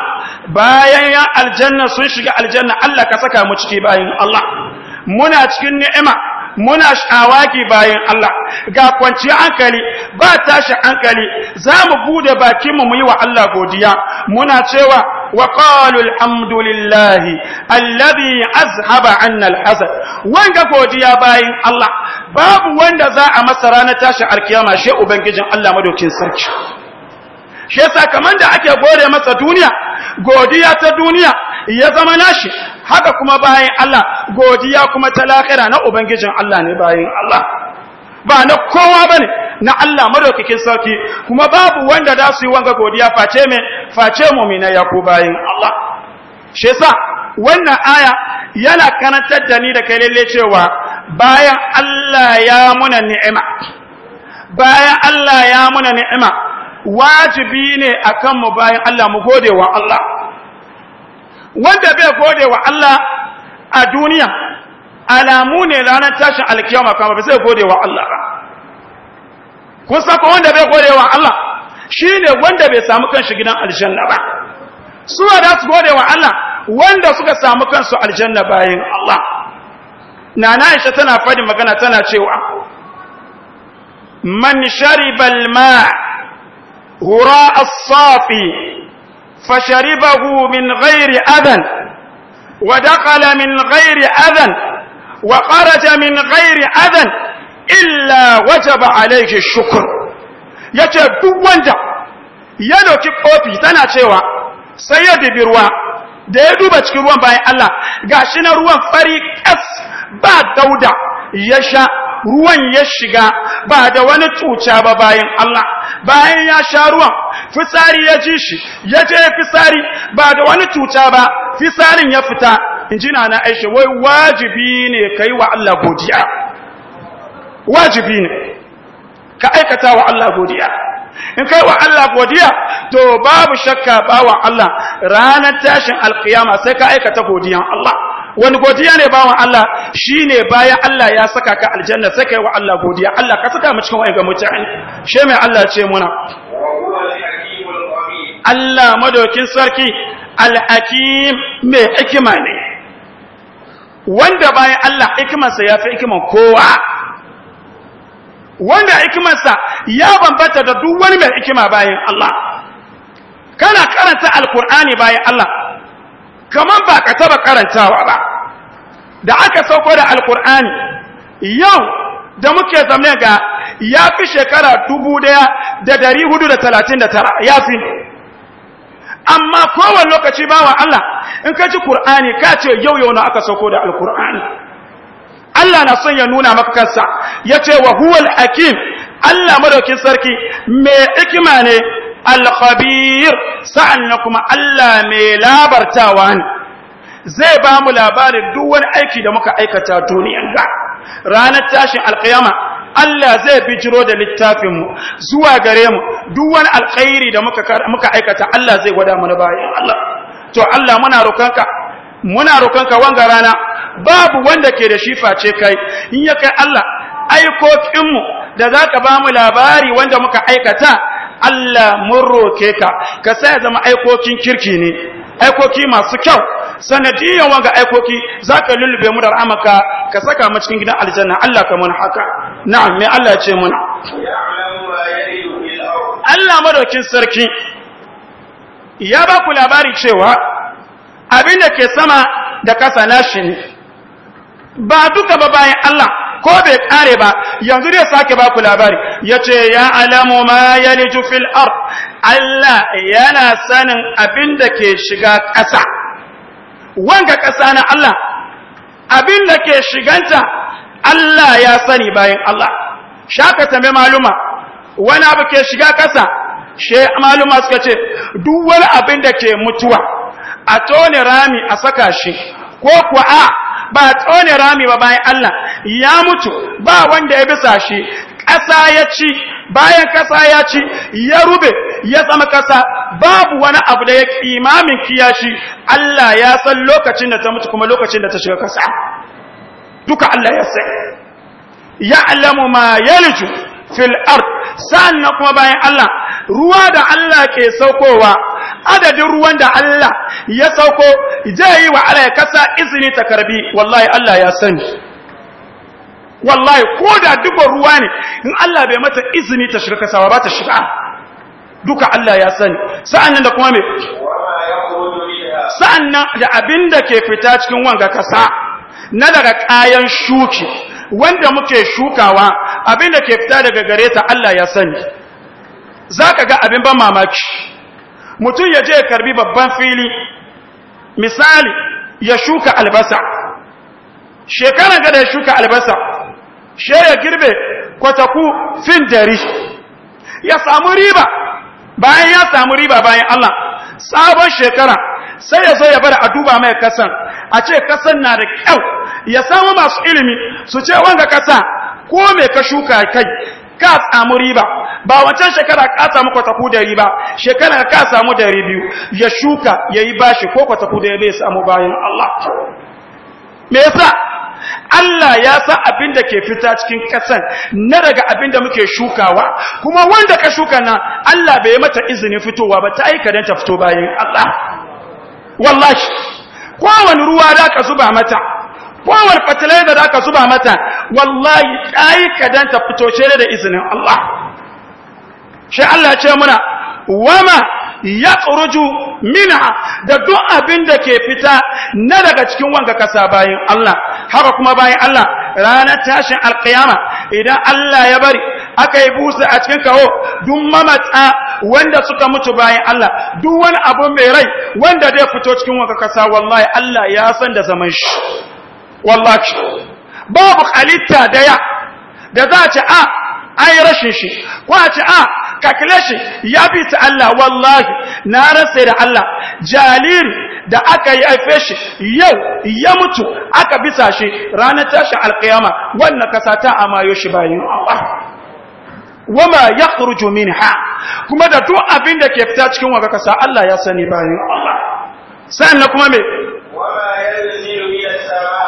bayan yan aljanna sun shiga aljanna Allah ka saka mu ciki bayan Allah muna cikin ni'ima muna shawaki bayan Allah ga kwanciyar hankali ba tashi hankali za mu bude bakinmu mu yi wa Allah godiya muna cewa wa qalu alhamdulillahi alladhi azhaba anna alhasad wanga godiya bayan Allah babu wanda za a masa ranar tashi alkiyama shi ubangijin Allah madaukin sarki shi yasa kaman da ake gode masa duniya godiya ta duniya ya zama nashi haka kuma bayan Allah godiya kuma ta lakira na ubangijin Allah ne bayan Allah ba na kowa bane na Allah madaukakin sarki kuma babu wanda za su yi wanga godiya face me face mu'mina ya ku bayan Allah shi yasa wannan aya yana karantar da ni da kai lalle cewa bayan Allah ya muna ni'ima bayan Allah ya muna ni'ima wajibi ne akan mu bayan Allah mu gode wa Allah wanda bai gode wa Allah a duniya alamu ne ranar tashin alkiyama kama bai zai gode wa Allah ba ko sako wanda bai gode wa Allah shine wanda bai samu kanshi gidan aljanna ba su da su gode wa Allah wanda suka samu kansu aljanna bayan Allah nana Aisha tana fadi magana tana cewa man sharibal ma' هراء الصافي فشربه من غير أذى ودخل من غير أذى وخرج من غير أذى إلا وجب عليه الشكر yace duk wanda ya doki kofi tana cewa sai ya dibi ruwa da ya duba cikin ruwan bayan Allah gashi na ruwan fari kas ba dauda ya sha ruwan ya shiga ba da wani tuca ba bayan Allah bayan ya sha ruwan fitsari ya ji shi ya je fitsari ba da wani tuca ba fitsarin ya fita injina na aisha wai wajibi ne kai wa Allah godiya wajibi ne ka aikata wa Allah godiya in kai wa Allah godiya to babu shakka bawan Allah ranar tashin alkiyama sai ka aikata godiyan Allah wani godiya ne bawan Allah shi ne bayan Allah ya saka ka aljanna sai kai wa Allah godiya Allah ka saka mu cikin wa'in ga mutane shi mai Allah ce muna Allah madaukin sarki al-hakim mai hikima ne wanda bayan Allah hikimarsa ya fi hikimar kowa wanda hikimarsa ya bambanta da duk wani mai hikima bayan Allah kana karanta alkur'ani bayan Allah kaman ba ka taba karantawa ba da aka sauko da alkur'ani yau da muke zamne ga ya fi shekara dubu daya da dari hudu da talatin da tara ya fi amma kowane lokaci bawa Allah in ka ji Kur'ani ka ce yau yau na aka sauko da alkur'ani Allah na son ya nuna maka kansa ya ce wa huwal akim Allah madaukin sarki mai ikima ne alkhabir sa'an kuma Allah mai labartawa ne zai ba mu labarin duk wani aiki da muka aikata duniyan ga ranar tashin alkiyama Allah zai bijiro da littafinmu zuwa gare mu duk wani alkhairi da muka muka aikata Allah zai gwada mana bayan Allah to Allah muna rokanka muna rokanka wanga rana babu wanda ke da shi face kai in ya kai Allah aikokinmu mu da ka ba mu labari wanda muka aikata Allah mun roke ka ka sa zama aikokin kirki ne aikoki masu kyau sanadiyan ga aikoki zaka lullube mu da rahmaka ka saka mu cikin gidan aljanna Allah ka mun haka na'am me Allah ya ce mun Allah madaukin sarki ya ba ku labari cewa abin da ke sama da kasa nashi ne ba duka ba bayan Allah ko bai kare ba yanzu dai sake ba ku labari yace ya alamu ma ya fil ard Allah yana sanin abin da ke shiga ƙasa wanga ƙasa na Allah abin da ke shiganta Allah ya sani bayan Allah shaka tambe maluma wani abu ke shiga ƙasa she maluma suka ce duk wani abin da ke mutuwa a tone rami a saka shi ko kuwa a ba tone rami ba bayan Allah ya mutu ba wanda ya bisa shi ƙasa ya ci bayan ƙasa ya ci ya rube ya zama ƙasa babu wani abu da ya imamin kiyashi Allah ya san lokacin da ta mutu kuma lokacin da ta shiga kasa duka Allah ya san ya'lamu ma yalju fil ard sannan kuma bayan Allah ruwa da Allah ke saukowa adadin ruwan da Allah ya sauko zai yi wa Allah ya kasa izini takarbi. karbi wallahi Allah ya sani wallahi ko da dubban ruwa ne in Allah bai mata izini ta shiga kasa ba ta shiga duka Allah ya sani Sa'an nan da kuma me nan da abin da ke fita cikin wanga kasa na daga kayan shuki wanda muke shukawa abin da ke fita daga gare ta Allah ya sani zaka ga abin ban mamaki mutum ya je karbi babban fili misali ya shuka albasa shekaran gada ya shuka albasa she ya girbe kwataku fin dari ya samu riba bayan ya samu riba bayan Allah sabon shekara sai ya zo ya bari a duba mai kasan a ce kasan na da kyau ya samu masu ilimi su ce wanga kasa ko mai ka shuka kai ka samu riba ba wancan shekara ka samu kwatafu da riba shekara ka samu da biyu ya shuka ya yi bashi ko kwatafu da ya bai samu bayan Allah me yasa Allah ya sa abin da ke fita cikin ƙasan na daga abin da muke shukawa kuma wanda ka shuka na Allah bai mata izinin fitowa ba ta aika don ta fito bayan Allah wallahi kowane ruwa da ka zuba mata kowane fatilai da ka zuba mata wallahi ta aika don ta fito shere da izinin Allah shi Allah ce muna wama ya tsuruju mina da duk abin da ke fita na daga cikin wanga kasa bayan Allah haka kuma bayan Allah ranar tashin alkiyama idan Allah ya bari aka yi busa a cikin kawo duk mamata wanda suka mutu bayan Allah duk wani abu mai rai wanda zai fito cikin wanga kasa wallahi Allah ya san da zaman shi wallahi babu halitta daya da za a ce a ah, ai rashin shi ko a ce a ah, calculation ya bisa Allah wallahi na rasa da Allah jaliri da aka yi haife shi yau ya mutu aka bisa shi ranar tashi alkiyama wannan kasa a mayo shi bayan wama ya kuruju ha? kuma da tun abin da ke fita cikin waka kasa Allah ya sani bayan sannan kuma me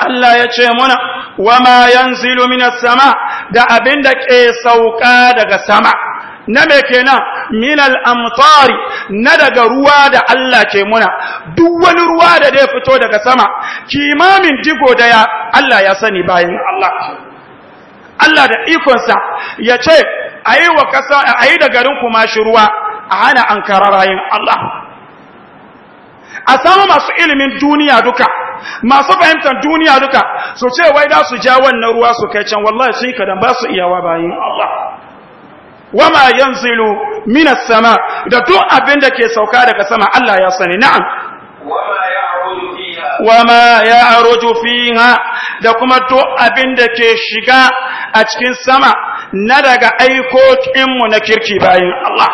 Allah ya ce muna wama yanzilu minas sama da abin da ke sauka daga sama na me kenan minal amtari na daga ruwa da Allah ke muna duk wani ruwa da zai fito daga sama kimamin digo daya Allah ya sani bayan Allah Allah da ikonsa ya ce ayi wa kasa ayi da garin kuma shi ruwa a hana an kararayin Allah a samu masu ilimin duniya duka masu fahimtar duniya duka su ce wai da su ja wannan ruwa su kai can wallahi sai yi kadan ba su iyawa bayin Allah wama yanzilu minas sama da duk abin da ke sauka daga sama Allah ya sani na'am wama ya arojo fiha da kuma duk abin da ke shiga a cikin sama na daga mu na kirki bayan Allah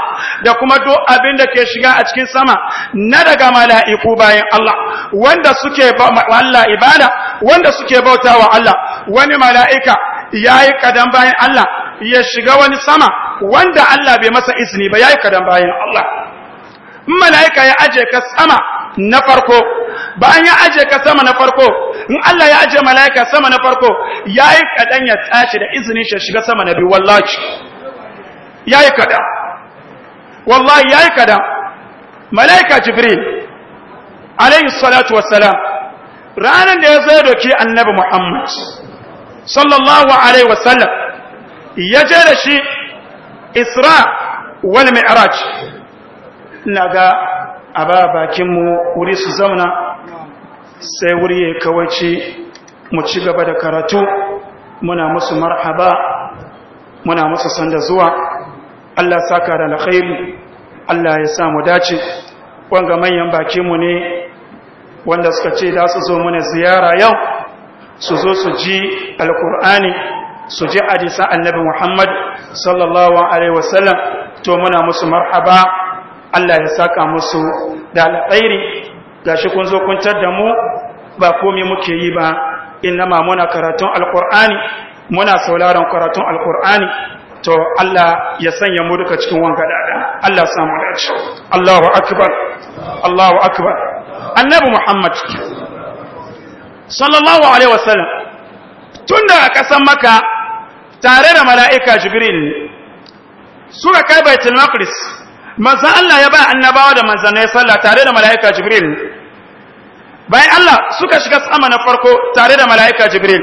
da kuma duk abin da ke shiga a cikin sama na daga mala'iku bayan Allah wanda suke ba Allah ibada wanda suke bautawa Allah wani mala'ika yayi kadan bayan Allah ya shiga wani sama wanda Allah bai masa izini ba yayi kadan bayan Allah malaika ya aje ka sama na farko bayan ya aje ka sama na farko in Allah ya aje malaika sama na farko yayi kadan ya tashi da izinin shi shiga sama na biyu wallahi yayi kadan wallahi yayi kadan malaika jibril alayhi salatu wassalam ranan da ya zo doki annabi muhammad sallallahu alaihi wasallam ya je da shi isra wal mi'raj ina ga a ba bakinmu wuri su zauna sai wuri ya kawace mu ci gaba da karatu muna musu marhaba muna musu sanda zuwa Allah saka da alkhairi Allah ya sa mu dace wanga manyan bakinmu ne wanda suka ce da su zo mana ziyara yau su zo su ji alkur'ani su ji hadisan annabi Muhammad sallallahu alaihi wasallam to muna musu marhaba Allah ya saka musu da alkhairi gashi kun zo kun da mu ba komai muke yi ba innama muna karatun alqur'ani muna sauraron karatun alqur'ani to Allah ya sanya mu duka cikin wanka dada Allah samu dace Allahu akbar Allahu akbar annabi Muhammad sallallahu alaihi wasallam tunda a ƙasar maka tare da mala'ika jibril suka kai baitul maqdis manzan Allah ya ba annabawa da manzanai sallah tare da mala'ika jibril bayan Allah suka shiga sama na farko tare da mala'ika jibril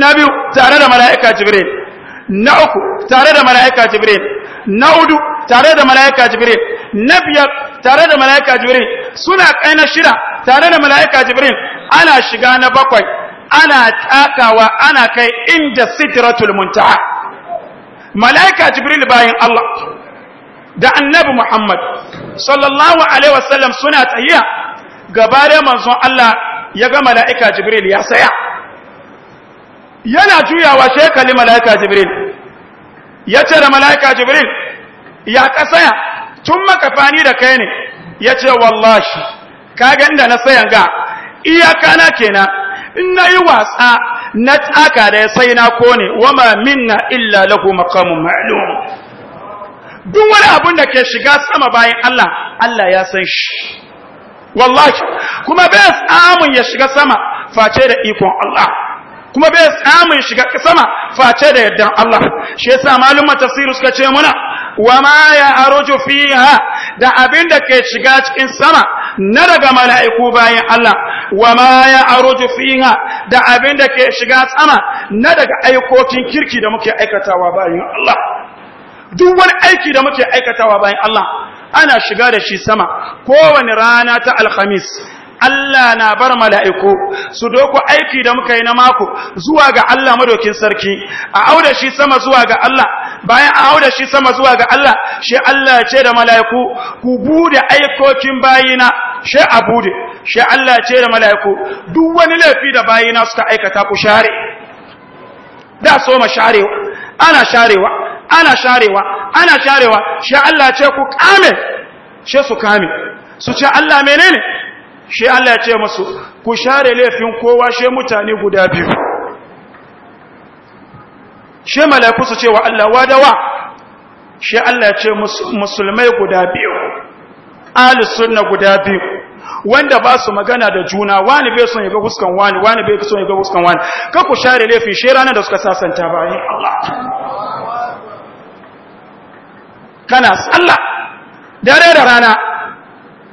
na biyu tare da mala'ika jibril na uku tare da mala'ika jibril na hudu tare da mala'ika jibril na biyar tare da mala'ika jibril suna kai na shida tare da mala'ika jibril ana shiga na bakwai ana takawa ana kai inda sitratul muntaha malaika jibril bayin Allah da annabi Muhammad sallallahu alaihi wasallam suna tahiya gaba da manzon Allah ya ga malaika jibril ya saya yana juyawa sai kalli malaika jibril ya ce malaika jibril ya kasaya tun makafani da kai ne yace ce wallahi ka inda na sayan ga iyaka na kenan in na yi wasa na tsaka da sai na kone wama minna illa lahu maqamun ma'lum duk wani abun da ke shiga sama bayan Allah Allah ya san shi wallahi kuma bai samu ya shiga sama face da ikon Allah kuma bai ya shiga sama face da yardan Allah shi yasa malumma tafsiru suka ce muna wa ma ya aruju fiha da abin da ke shiga cikin sama na daga mala'iku bayan Allah wa ma ya aruju fiha da abin da ke shiga tsama na daga aikokin kirki da muke aikatawa bayan Allah duk wani aiki da muke aikatawa bayan Allah ana shiga da shi sama kowane rana ta alhamis Allah na bar mala'iku su doko aiki da muka yi na mako zuwa ga Allah madokin sarki a auda shi sama zuwa ga Allah bayan a auda shi sama zuwa ga Allah shi Allah ce da mala'iku ku bude aikokin bayina shi a bude shi Allah ce da mala'iku duk wani laifi da bayina suka aikata ku share da so ma sharewa ana sharewa ana sharewa ana sharewa shi Allah ce ku kame shi su kame su ce Allah menene shi Allah ya ce musu ku share laifin kowa shi mutane guda biyu shi malaiku su ce wa Allah wadawa shi Allah ya ce musulmai guda biyu ahli sunna guda biyu wanda ba su magana da juna wani bai son yaga fuskan wani wani bai son yaga fuskan wani ka ku share laifin shi ranar da suka sasanta ni Allah kana sallah dare da rana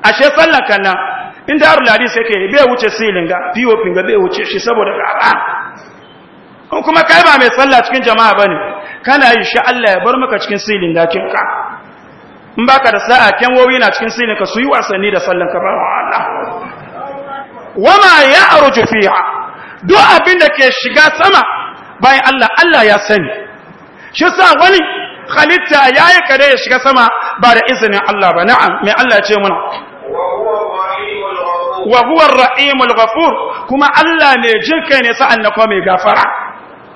ashe sallah kan nan in darul hadis yake bai wuce silin ga pop ga bai wuce shi saboda kaba kuma kai ba mai tsalla cikin jama'a bane kana yi shi Allah ya bar maka cikin silin kin ka. in baka da sa'a kenwowi na cikin silin ka su yi wasanni da sallan ka ba Allah wama ya'ruju fiha duk abin da ke shiga sama bayan Allah Allah ya sani shi sa wani halitta yayi kare ya shiga sama ba da izinin Allah ba na'am mai Allah ya ce muna wa huwa ar-rahimul ghafur kuma Allah ne jinkai ne sa'an na kuma gafara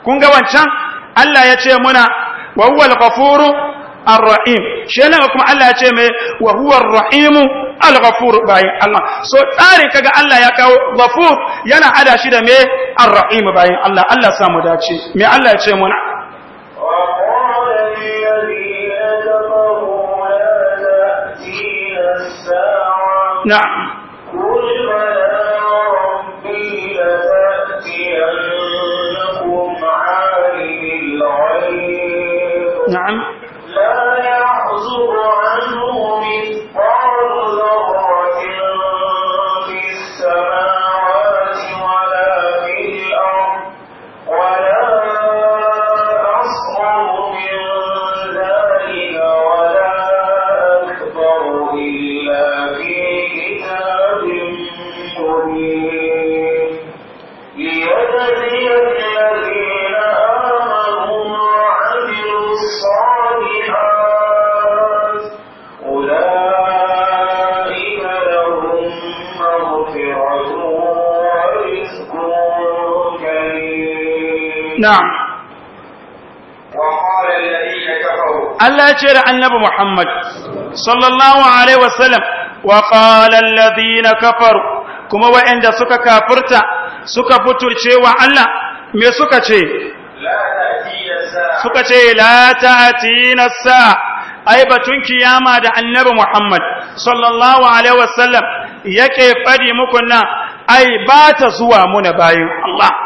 kun ga wancan Allah ya ce muna wa huwa al-ghafuru ar-rahim shi kuma Allah ya ce mai wa huwa ar-rahimu al-ghafur bayin Allah so tsare kaga Allah ya kawo ghafur yana hada shi da me ar-rahim bayin Allah Allah samu dace mai Allah ya ce muna نعم na'am Allah ya ce da annabi Muhammad sallallahu alaihi wasallam wa qala alladhina kafaru kuma wa'anda suka kafirta suka fiturce wa Allah me suka ce suka ce la ta'tina sa'a ai batun kiyama da annabi Muhammad sallallahu alaihi wasallam yake fadi muku na ai ba ta zuwa muna bayin Allah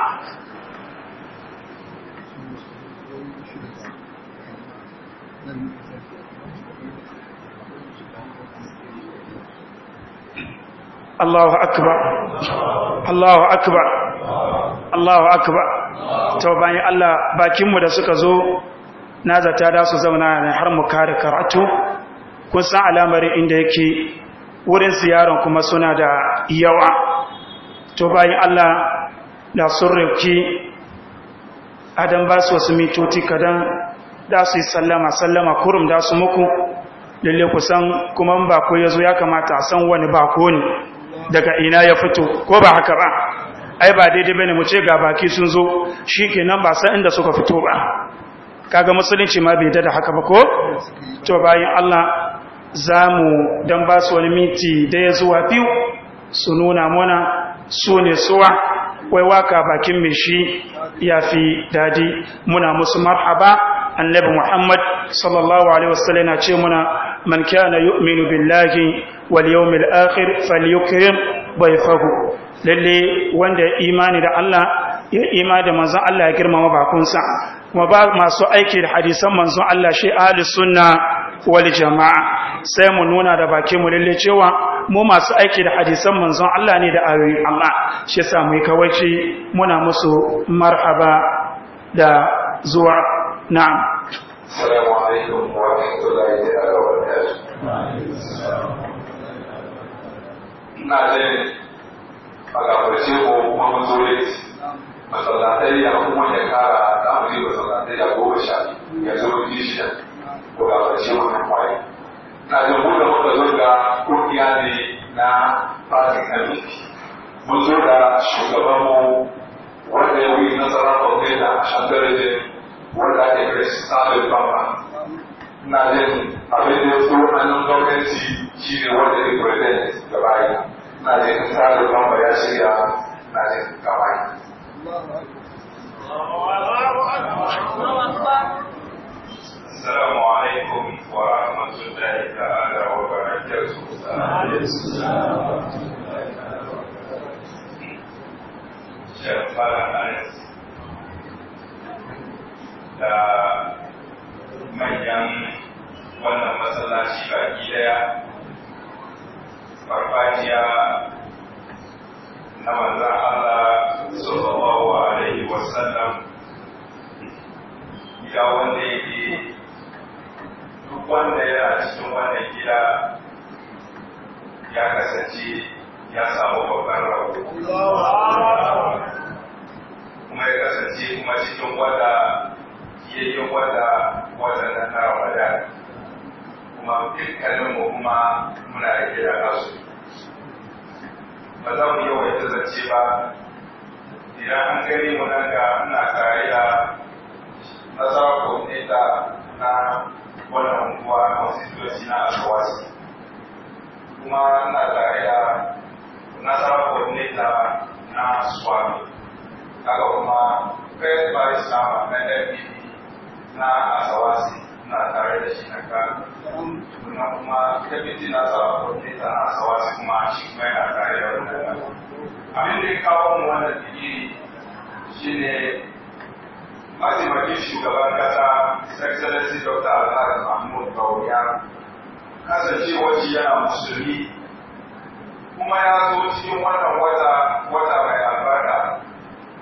Allahu akbar Allahu akbar Allahu akbar to bayan Allah bakinmu da suka zo na zata da su zauna ne har mu kare karatu kun san alamarin inda yake wurin ziyarar kuma suna da yawa to bayan Allah da sun rauki adam ba su wasu mitoti kadan da su yi sallama sallama kurum da su muku lalle kusan kuma ba ko ya zo ya kamata a san wani bako ne daga ina ya fito ko ba haka ba ai ba daidai bane mu ce ga baki sun zo shikenan ba san inda suka fito ba kaga musulunci ma bai da haka ba ko to bayan Allah zamu dan ba su wani miti da ya zuwa biyu su nuna mana su ne suwa wai waka bakin mai shi ya fi dadi muna musu marhaba annabi Muhammad sallallahu alaihi wasallam na ce muna من كان يؤمن بالله واليوم الآخر فليكرم ضيفه Lallai wanda ya imani da Allah ya imani da manzon Allah ya girmama bakunsa kuma ba masu aiki da hadisan manzon Allah shi ahli sunna wal jamaa sai mu nuna da baki mu lalle cewa mu masu aiki da hadisan manzon Allah ne da ayoyin Allah shi yasa kawai kawaici muna musu marhaba da zuwa na'am السلام عليكم ورحمة الله تعالى وبركاته a ko kuma masallatai ya kuma ya kara da amuri masallatai ya goma sha ya zo shi ko na zo ga kungiya ne na fasin kamiti mun zo da shugabanmu wanda ya wuyi nasara foundation a wanda ake kira stabil papa na jin abin da so hannun gwamnati shi ne wanda ya president da bayi na jin stabil papa ya shirya na jin gabayi السلام عليكم ورحمة الله تعالى وبركاته. السلام ورحمة الله تعالى وبركاته. شيخ da manyan wannan masallaci baki daya farfajiya na manzan Allah wa rai wasannan gida wanda ke duk wanda ya cikin wannan gida ya kasance ya samu babban rabu kuma ya kasance kuma cikin wata Iye yayin wata wata na tarawa da kuma dukkanin mu kuma muna rike da nasu ba za mu yawaita zance ba idan an gani mu nan ga ina tare da nasarar kwamfuta na wannan unguwa na constituency na alkawasi kuma ina tare da nasarar kwamfuta na swami haka kuma first vice chairman na fpd na asawasi na tare da shi na ka na kuma kabiti na sawa kwanne ta na asawasi kuma a shi kuma yana tare da wannan abin da ya kawo mu wannan digiri shine mataimakin shugaban kasa excellency dr alhari mahmud bauriya kasancewar shi yana musulmi kuma ya zo cikin wannan wata wata mai albarka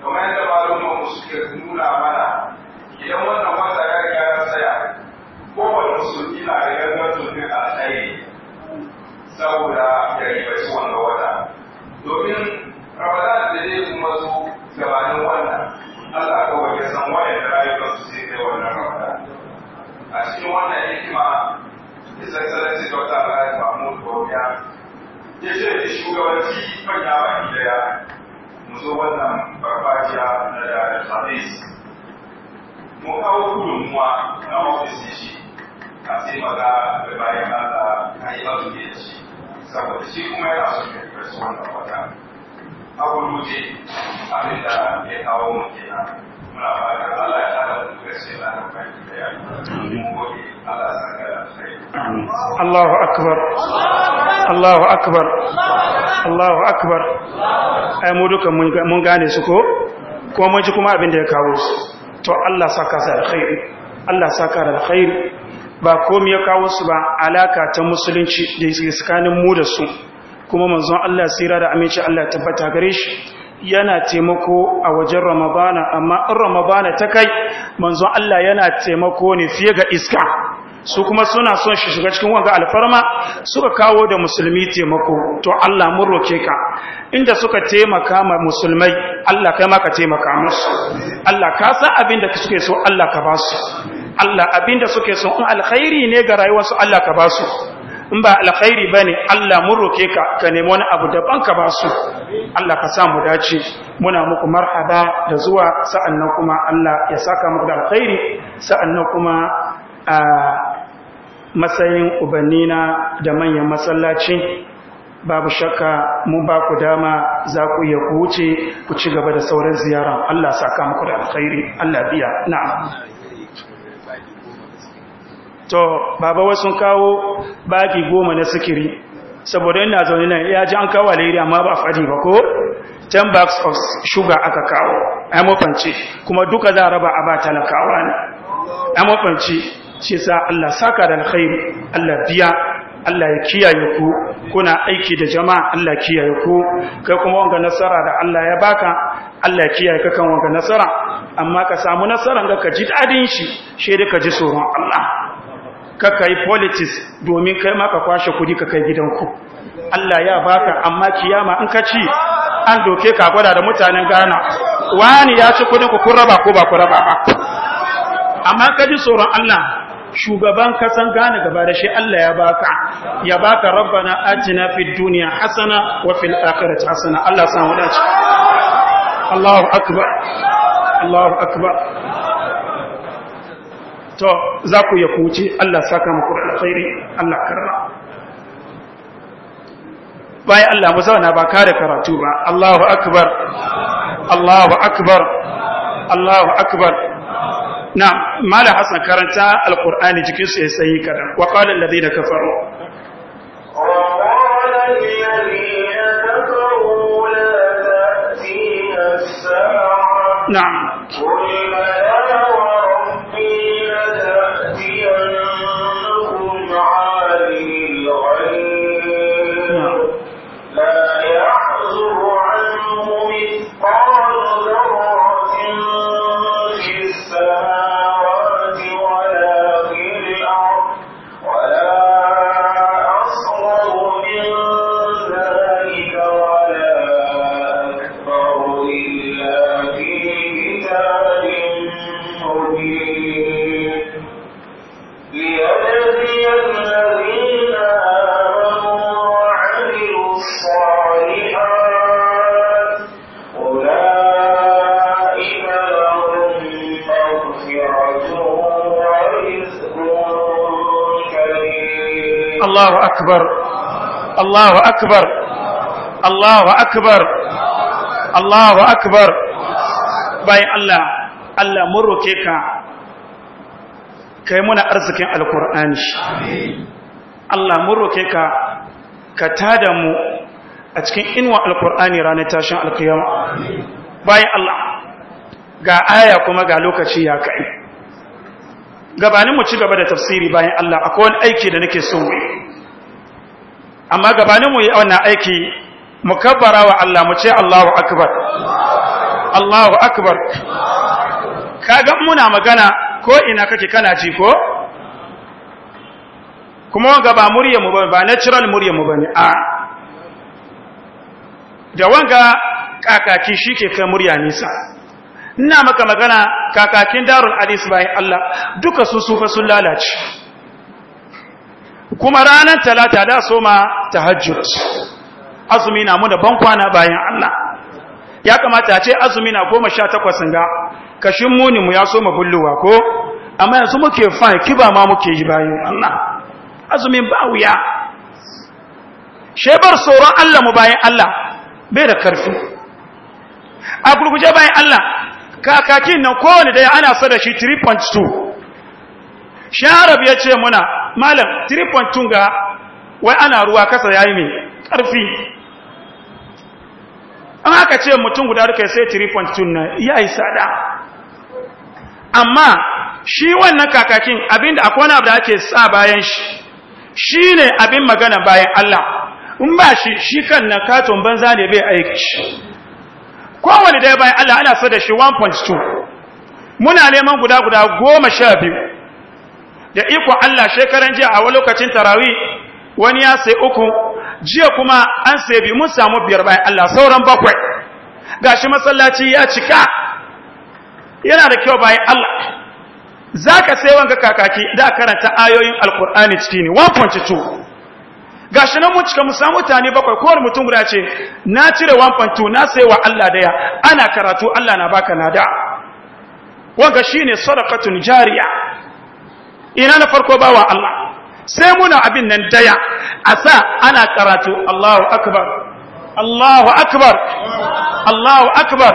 kamar yadda malumman mu suke nuna mana idan wannan wata ya riga ya tsaya kowane musulmi na da gangan tuntun alkhairi saboda ya ribaci wannan wata domin ramadan da zai kuma zo gabanin wannan Allah kawai ya san wayan da rayuwar su sai kai wannan ramadan a cikin wannan hikima His Excellency Dr. Alhaji Mahmud Bawuya ya ce da shugabanci manya baki daya mu zo wannan farfajiya na da Hadis mun kawo gudunmuwa na ofisoshi a taimaka da bayan Allah a yi azumi da shi saboda shi kuma yana son ya kai su wannan wata aguluje abin da ya kawo mu kenan muna fatan Allah ya tada mu gaske na nan baki da ya mun gode Allah ya saka da sai Allahu akbar Allahu akbar Allahu akbar ai mu duka mun gane su ko ko mun ji kuma abin da ya kawo su to Allah saka sa alkhairi Allah saka da alkhairi ba komai ya kawo su ba alaka ta musulunci da tsakanin mu da su kuma manzon Allah sira da aminci Allah tabbata gare shi yana taimako a wajen ramadana amma in ramadana ta kai manzon Allah yana taimako ne fiye ga iska su kuma suna son shi shiga cikin wanga alfarma suka kawo da musulmi taimako to Allah mun roke ka inda suka taimaka ma musulmai Allah kai ma ka taimaka musu Allah ka san abin da suke so Allah ka basu. Allah abin da suke so in alkhairi ne ga rayuwarsu Allah ka ba in ba alkhairi bane Allah mun roke ka ka nemi wani abu daban ka basu. Allah ka sa mu dace muna muku marhaba da zuwa sa'annan kuma Allah ya saka muku da alkhairi sa'annan kuma a ah, matsayin ubannina da manyan masallaci babu shakka mun ba ku dama za ku iya wuce ku ci gaba da sauran ziyara Allah saka muku da alkhairi Allah biya na'am to baba wasu kawo baki goma na sikiri saboda ina zaune nan ya ji an kawo alheri amma ba fadi ba ko 10 bags of sugar aka kawo ai mafanci kuma duka za a raba a ba talakawa ne ai mafanci shi sa Allah saka da alkhairi Allah biya Allah ya kiyaye ku kuna aiki da jama'a Allah kiyaye ku kai kuma wanga nasara da Allah ya baka Allah ya kiyaye ka kan wanga nasara amma ka samu nasara ga ka ji dadin shi she da ka ji tsoron Allah ka kai politics domin kai ma ka kwashe kudi ka kai gidanku Allah ya baka amma kiyama in ka ci an doke ka gwada da mutanen Ghana wani ya ci kudin ku kun raba ko ba ku raba ba amma ka ji tsoron Allah shugaban kasan gane gaba da shi Allah ya baka ya baka rabbana atina fid dunya hasana wa fil akhirati hasana Allah san wadaci Allahu akbar Allahu akbar to za ku ya kuce Allah saka muku alkhairi Allah karra bayan Allah mu zauna ba kare karatu ba Allahu akbar Allahu akbar Allahu akbar na mala hasan karanta alkur'ani jikin su ya sayi kadan wa qala alladhina kafaru نعم قل Allahu akbar Allahu akbar Allahu akbar bayan Allah Allah mun كيكا ka kai muna arzikin alkur'ani Allah mun ka ka tada mu a cikin inuwa ranar ga aya kuma ga lokaci ya kai gabanin mu ci gaba da tafsiri bayan Allah akwai wani aiki da nake so mu amma gabanin mu yi wannan aiki mu kabbara wa Allah mu ce Allahu akbar Allahu akbar kaga muna magana ko ina kake kana ji ko kuma wanga ba murya mu ba natural murya mu bane a da wanga kakaki ke kai murya nisa ina maka magana kakakin darul hadis bayan Allah duka su sufa sun lalace kuma ranar talata da soma tahajjud azumi na mu da bankwana bayan Allah ya kamata a ce azumi na goma sha takwas ga kashin muni mu ya soma bulluwa ko amma yanzu muke fa kiba ma muke yi bayan Allah azumin ba wuya shebar tsoron Allah mu bayan Allah bai da karfi a gurguje bayan Allah kakakin nan kowane ya ana sada shi 3.2 sharab ya ce muna malam 3.2 ga wai ana ruwa kasa yayi mai ƙarfi an aka ce mutum guda duka sai 3.2 na ya yi sada amma shi wannan kakakin abinda akwai wani abu da ake sa bayan shi shi ne abin magana bayan Allah in ba shi shi kan na katon banza ne bai aiki shi kowane dai bayan Allah ana so da shi 1.2 muna neman guda guda goma sha biyu da iko Allah shekaran jiya a wani lokacin tarawi wani ya sai uku jiya kuma an sai bi mun samu biyar bayan Allah sauran bakwai gashi masallaci ya cika yana da kyau bayan Allah zaka sai wanga kakaki da karanta ayoyin alkur'ani ciki ne 1.2 gashi nan mun cika mu samu mutane bakwai kowane mutum guda ce na cire 1.2 na sai wa Allah daya ana karatu Allah na baka nada wanga shine sadaqatun jariya ina na farko bawa Allah sai muna abin nan daya a sa ana karatu Allahu akbar Allahu akbar Allahu akbar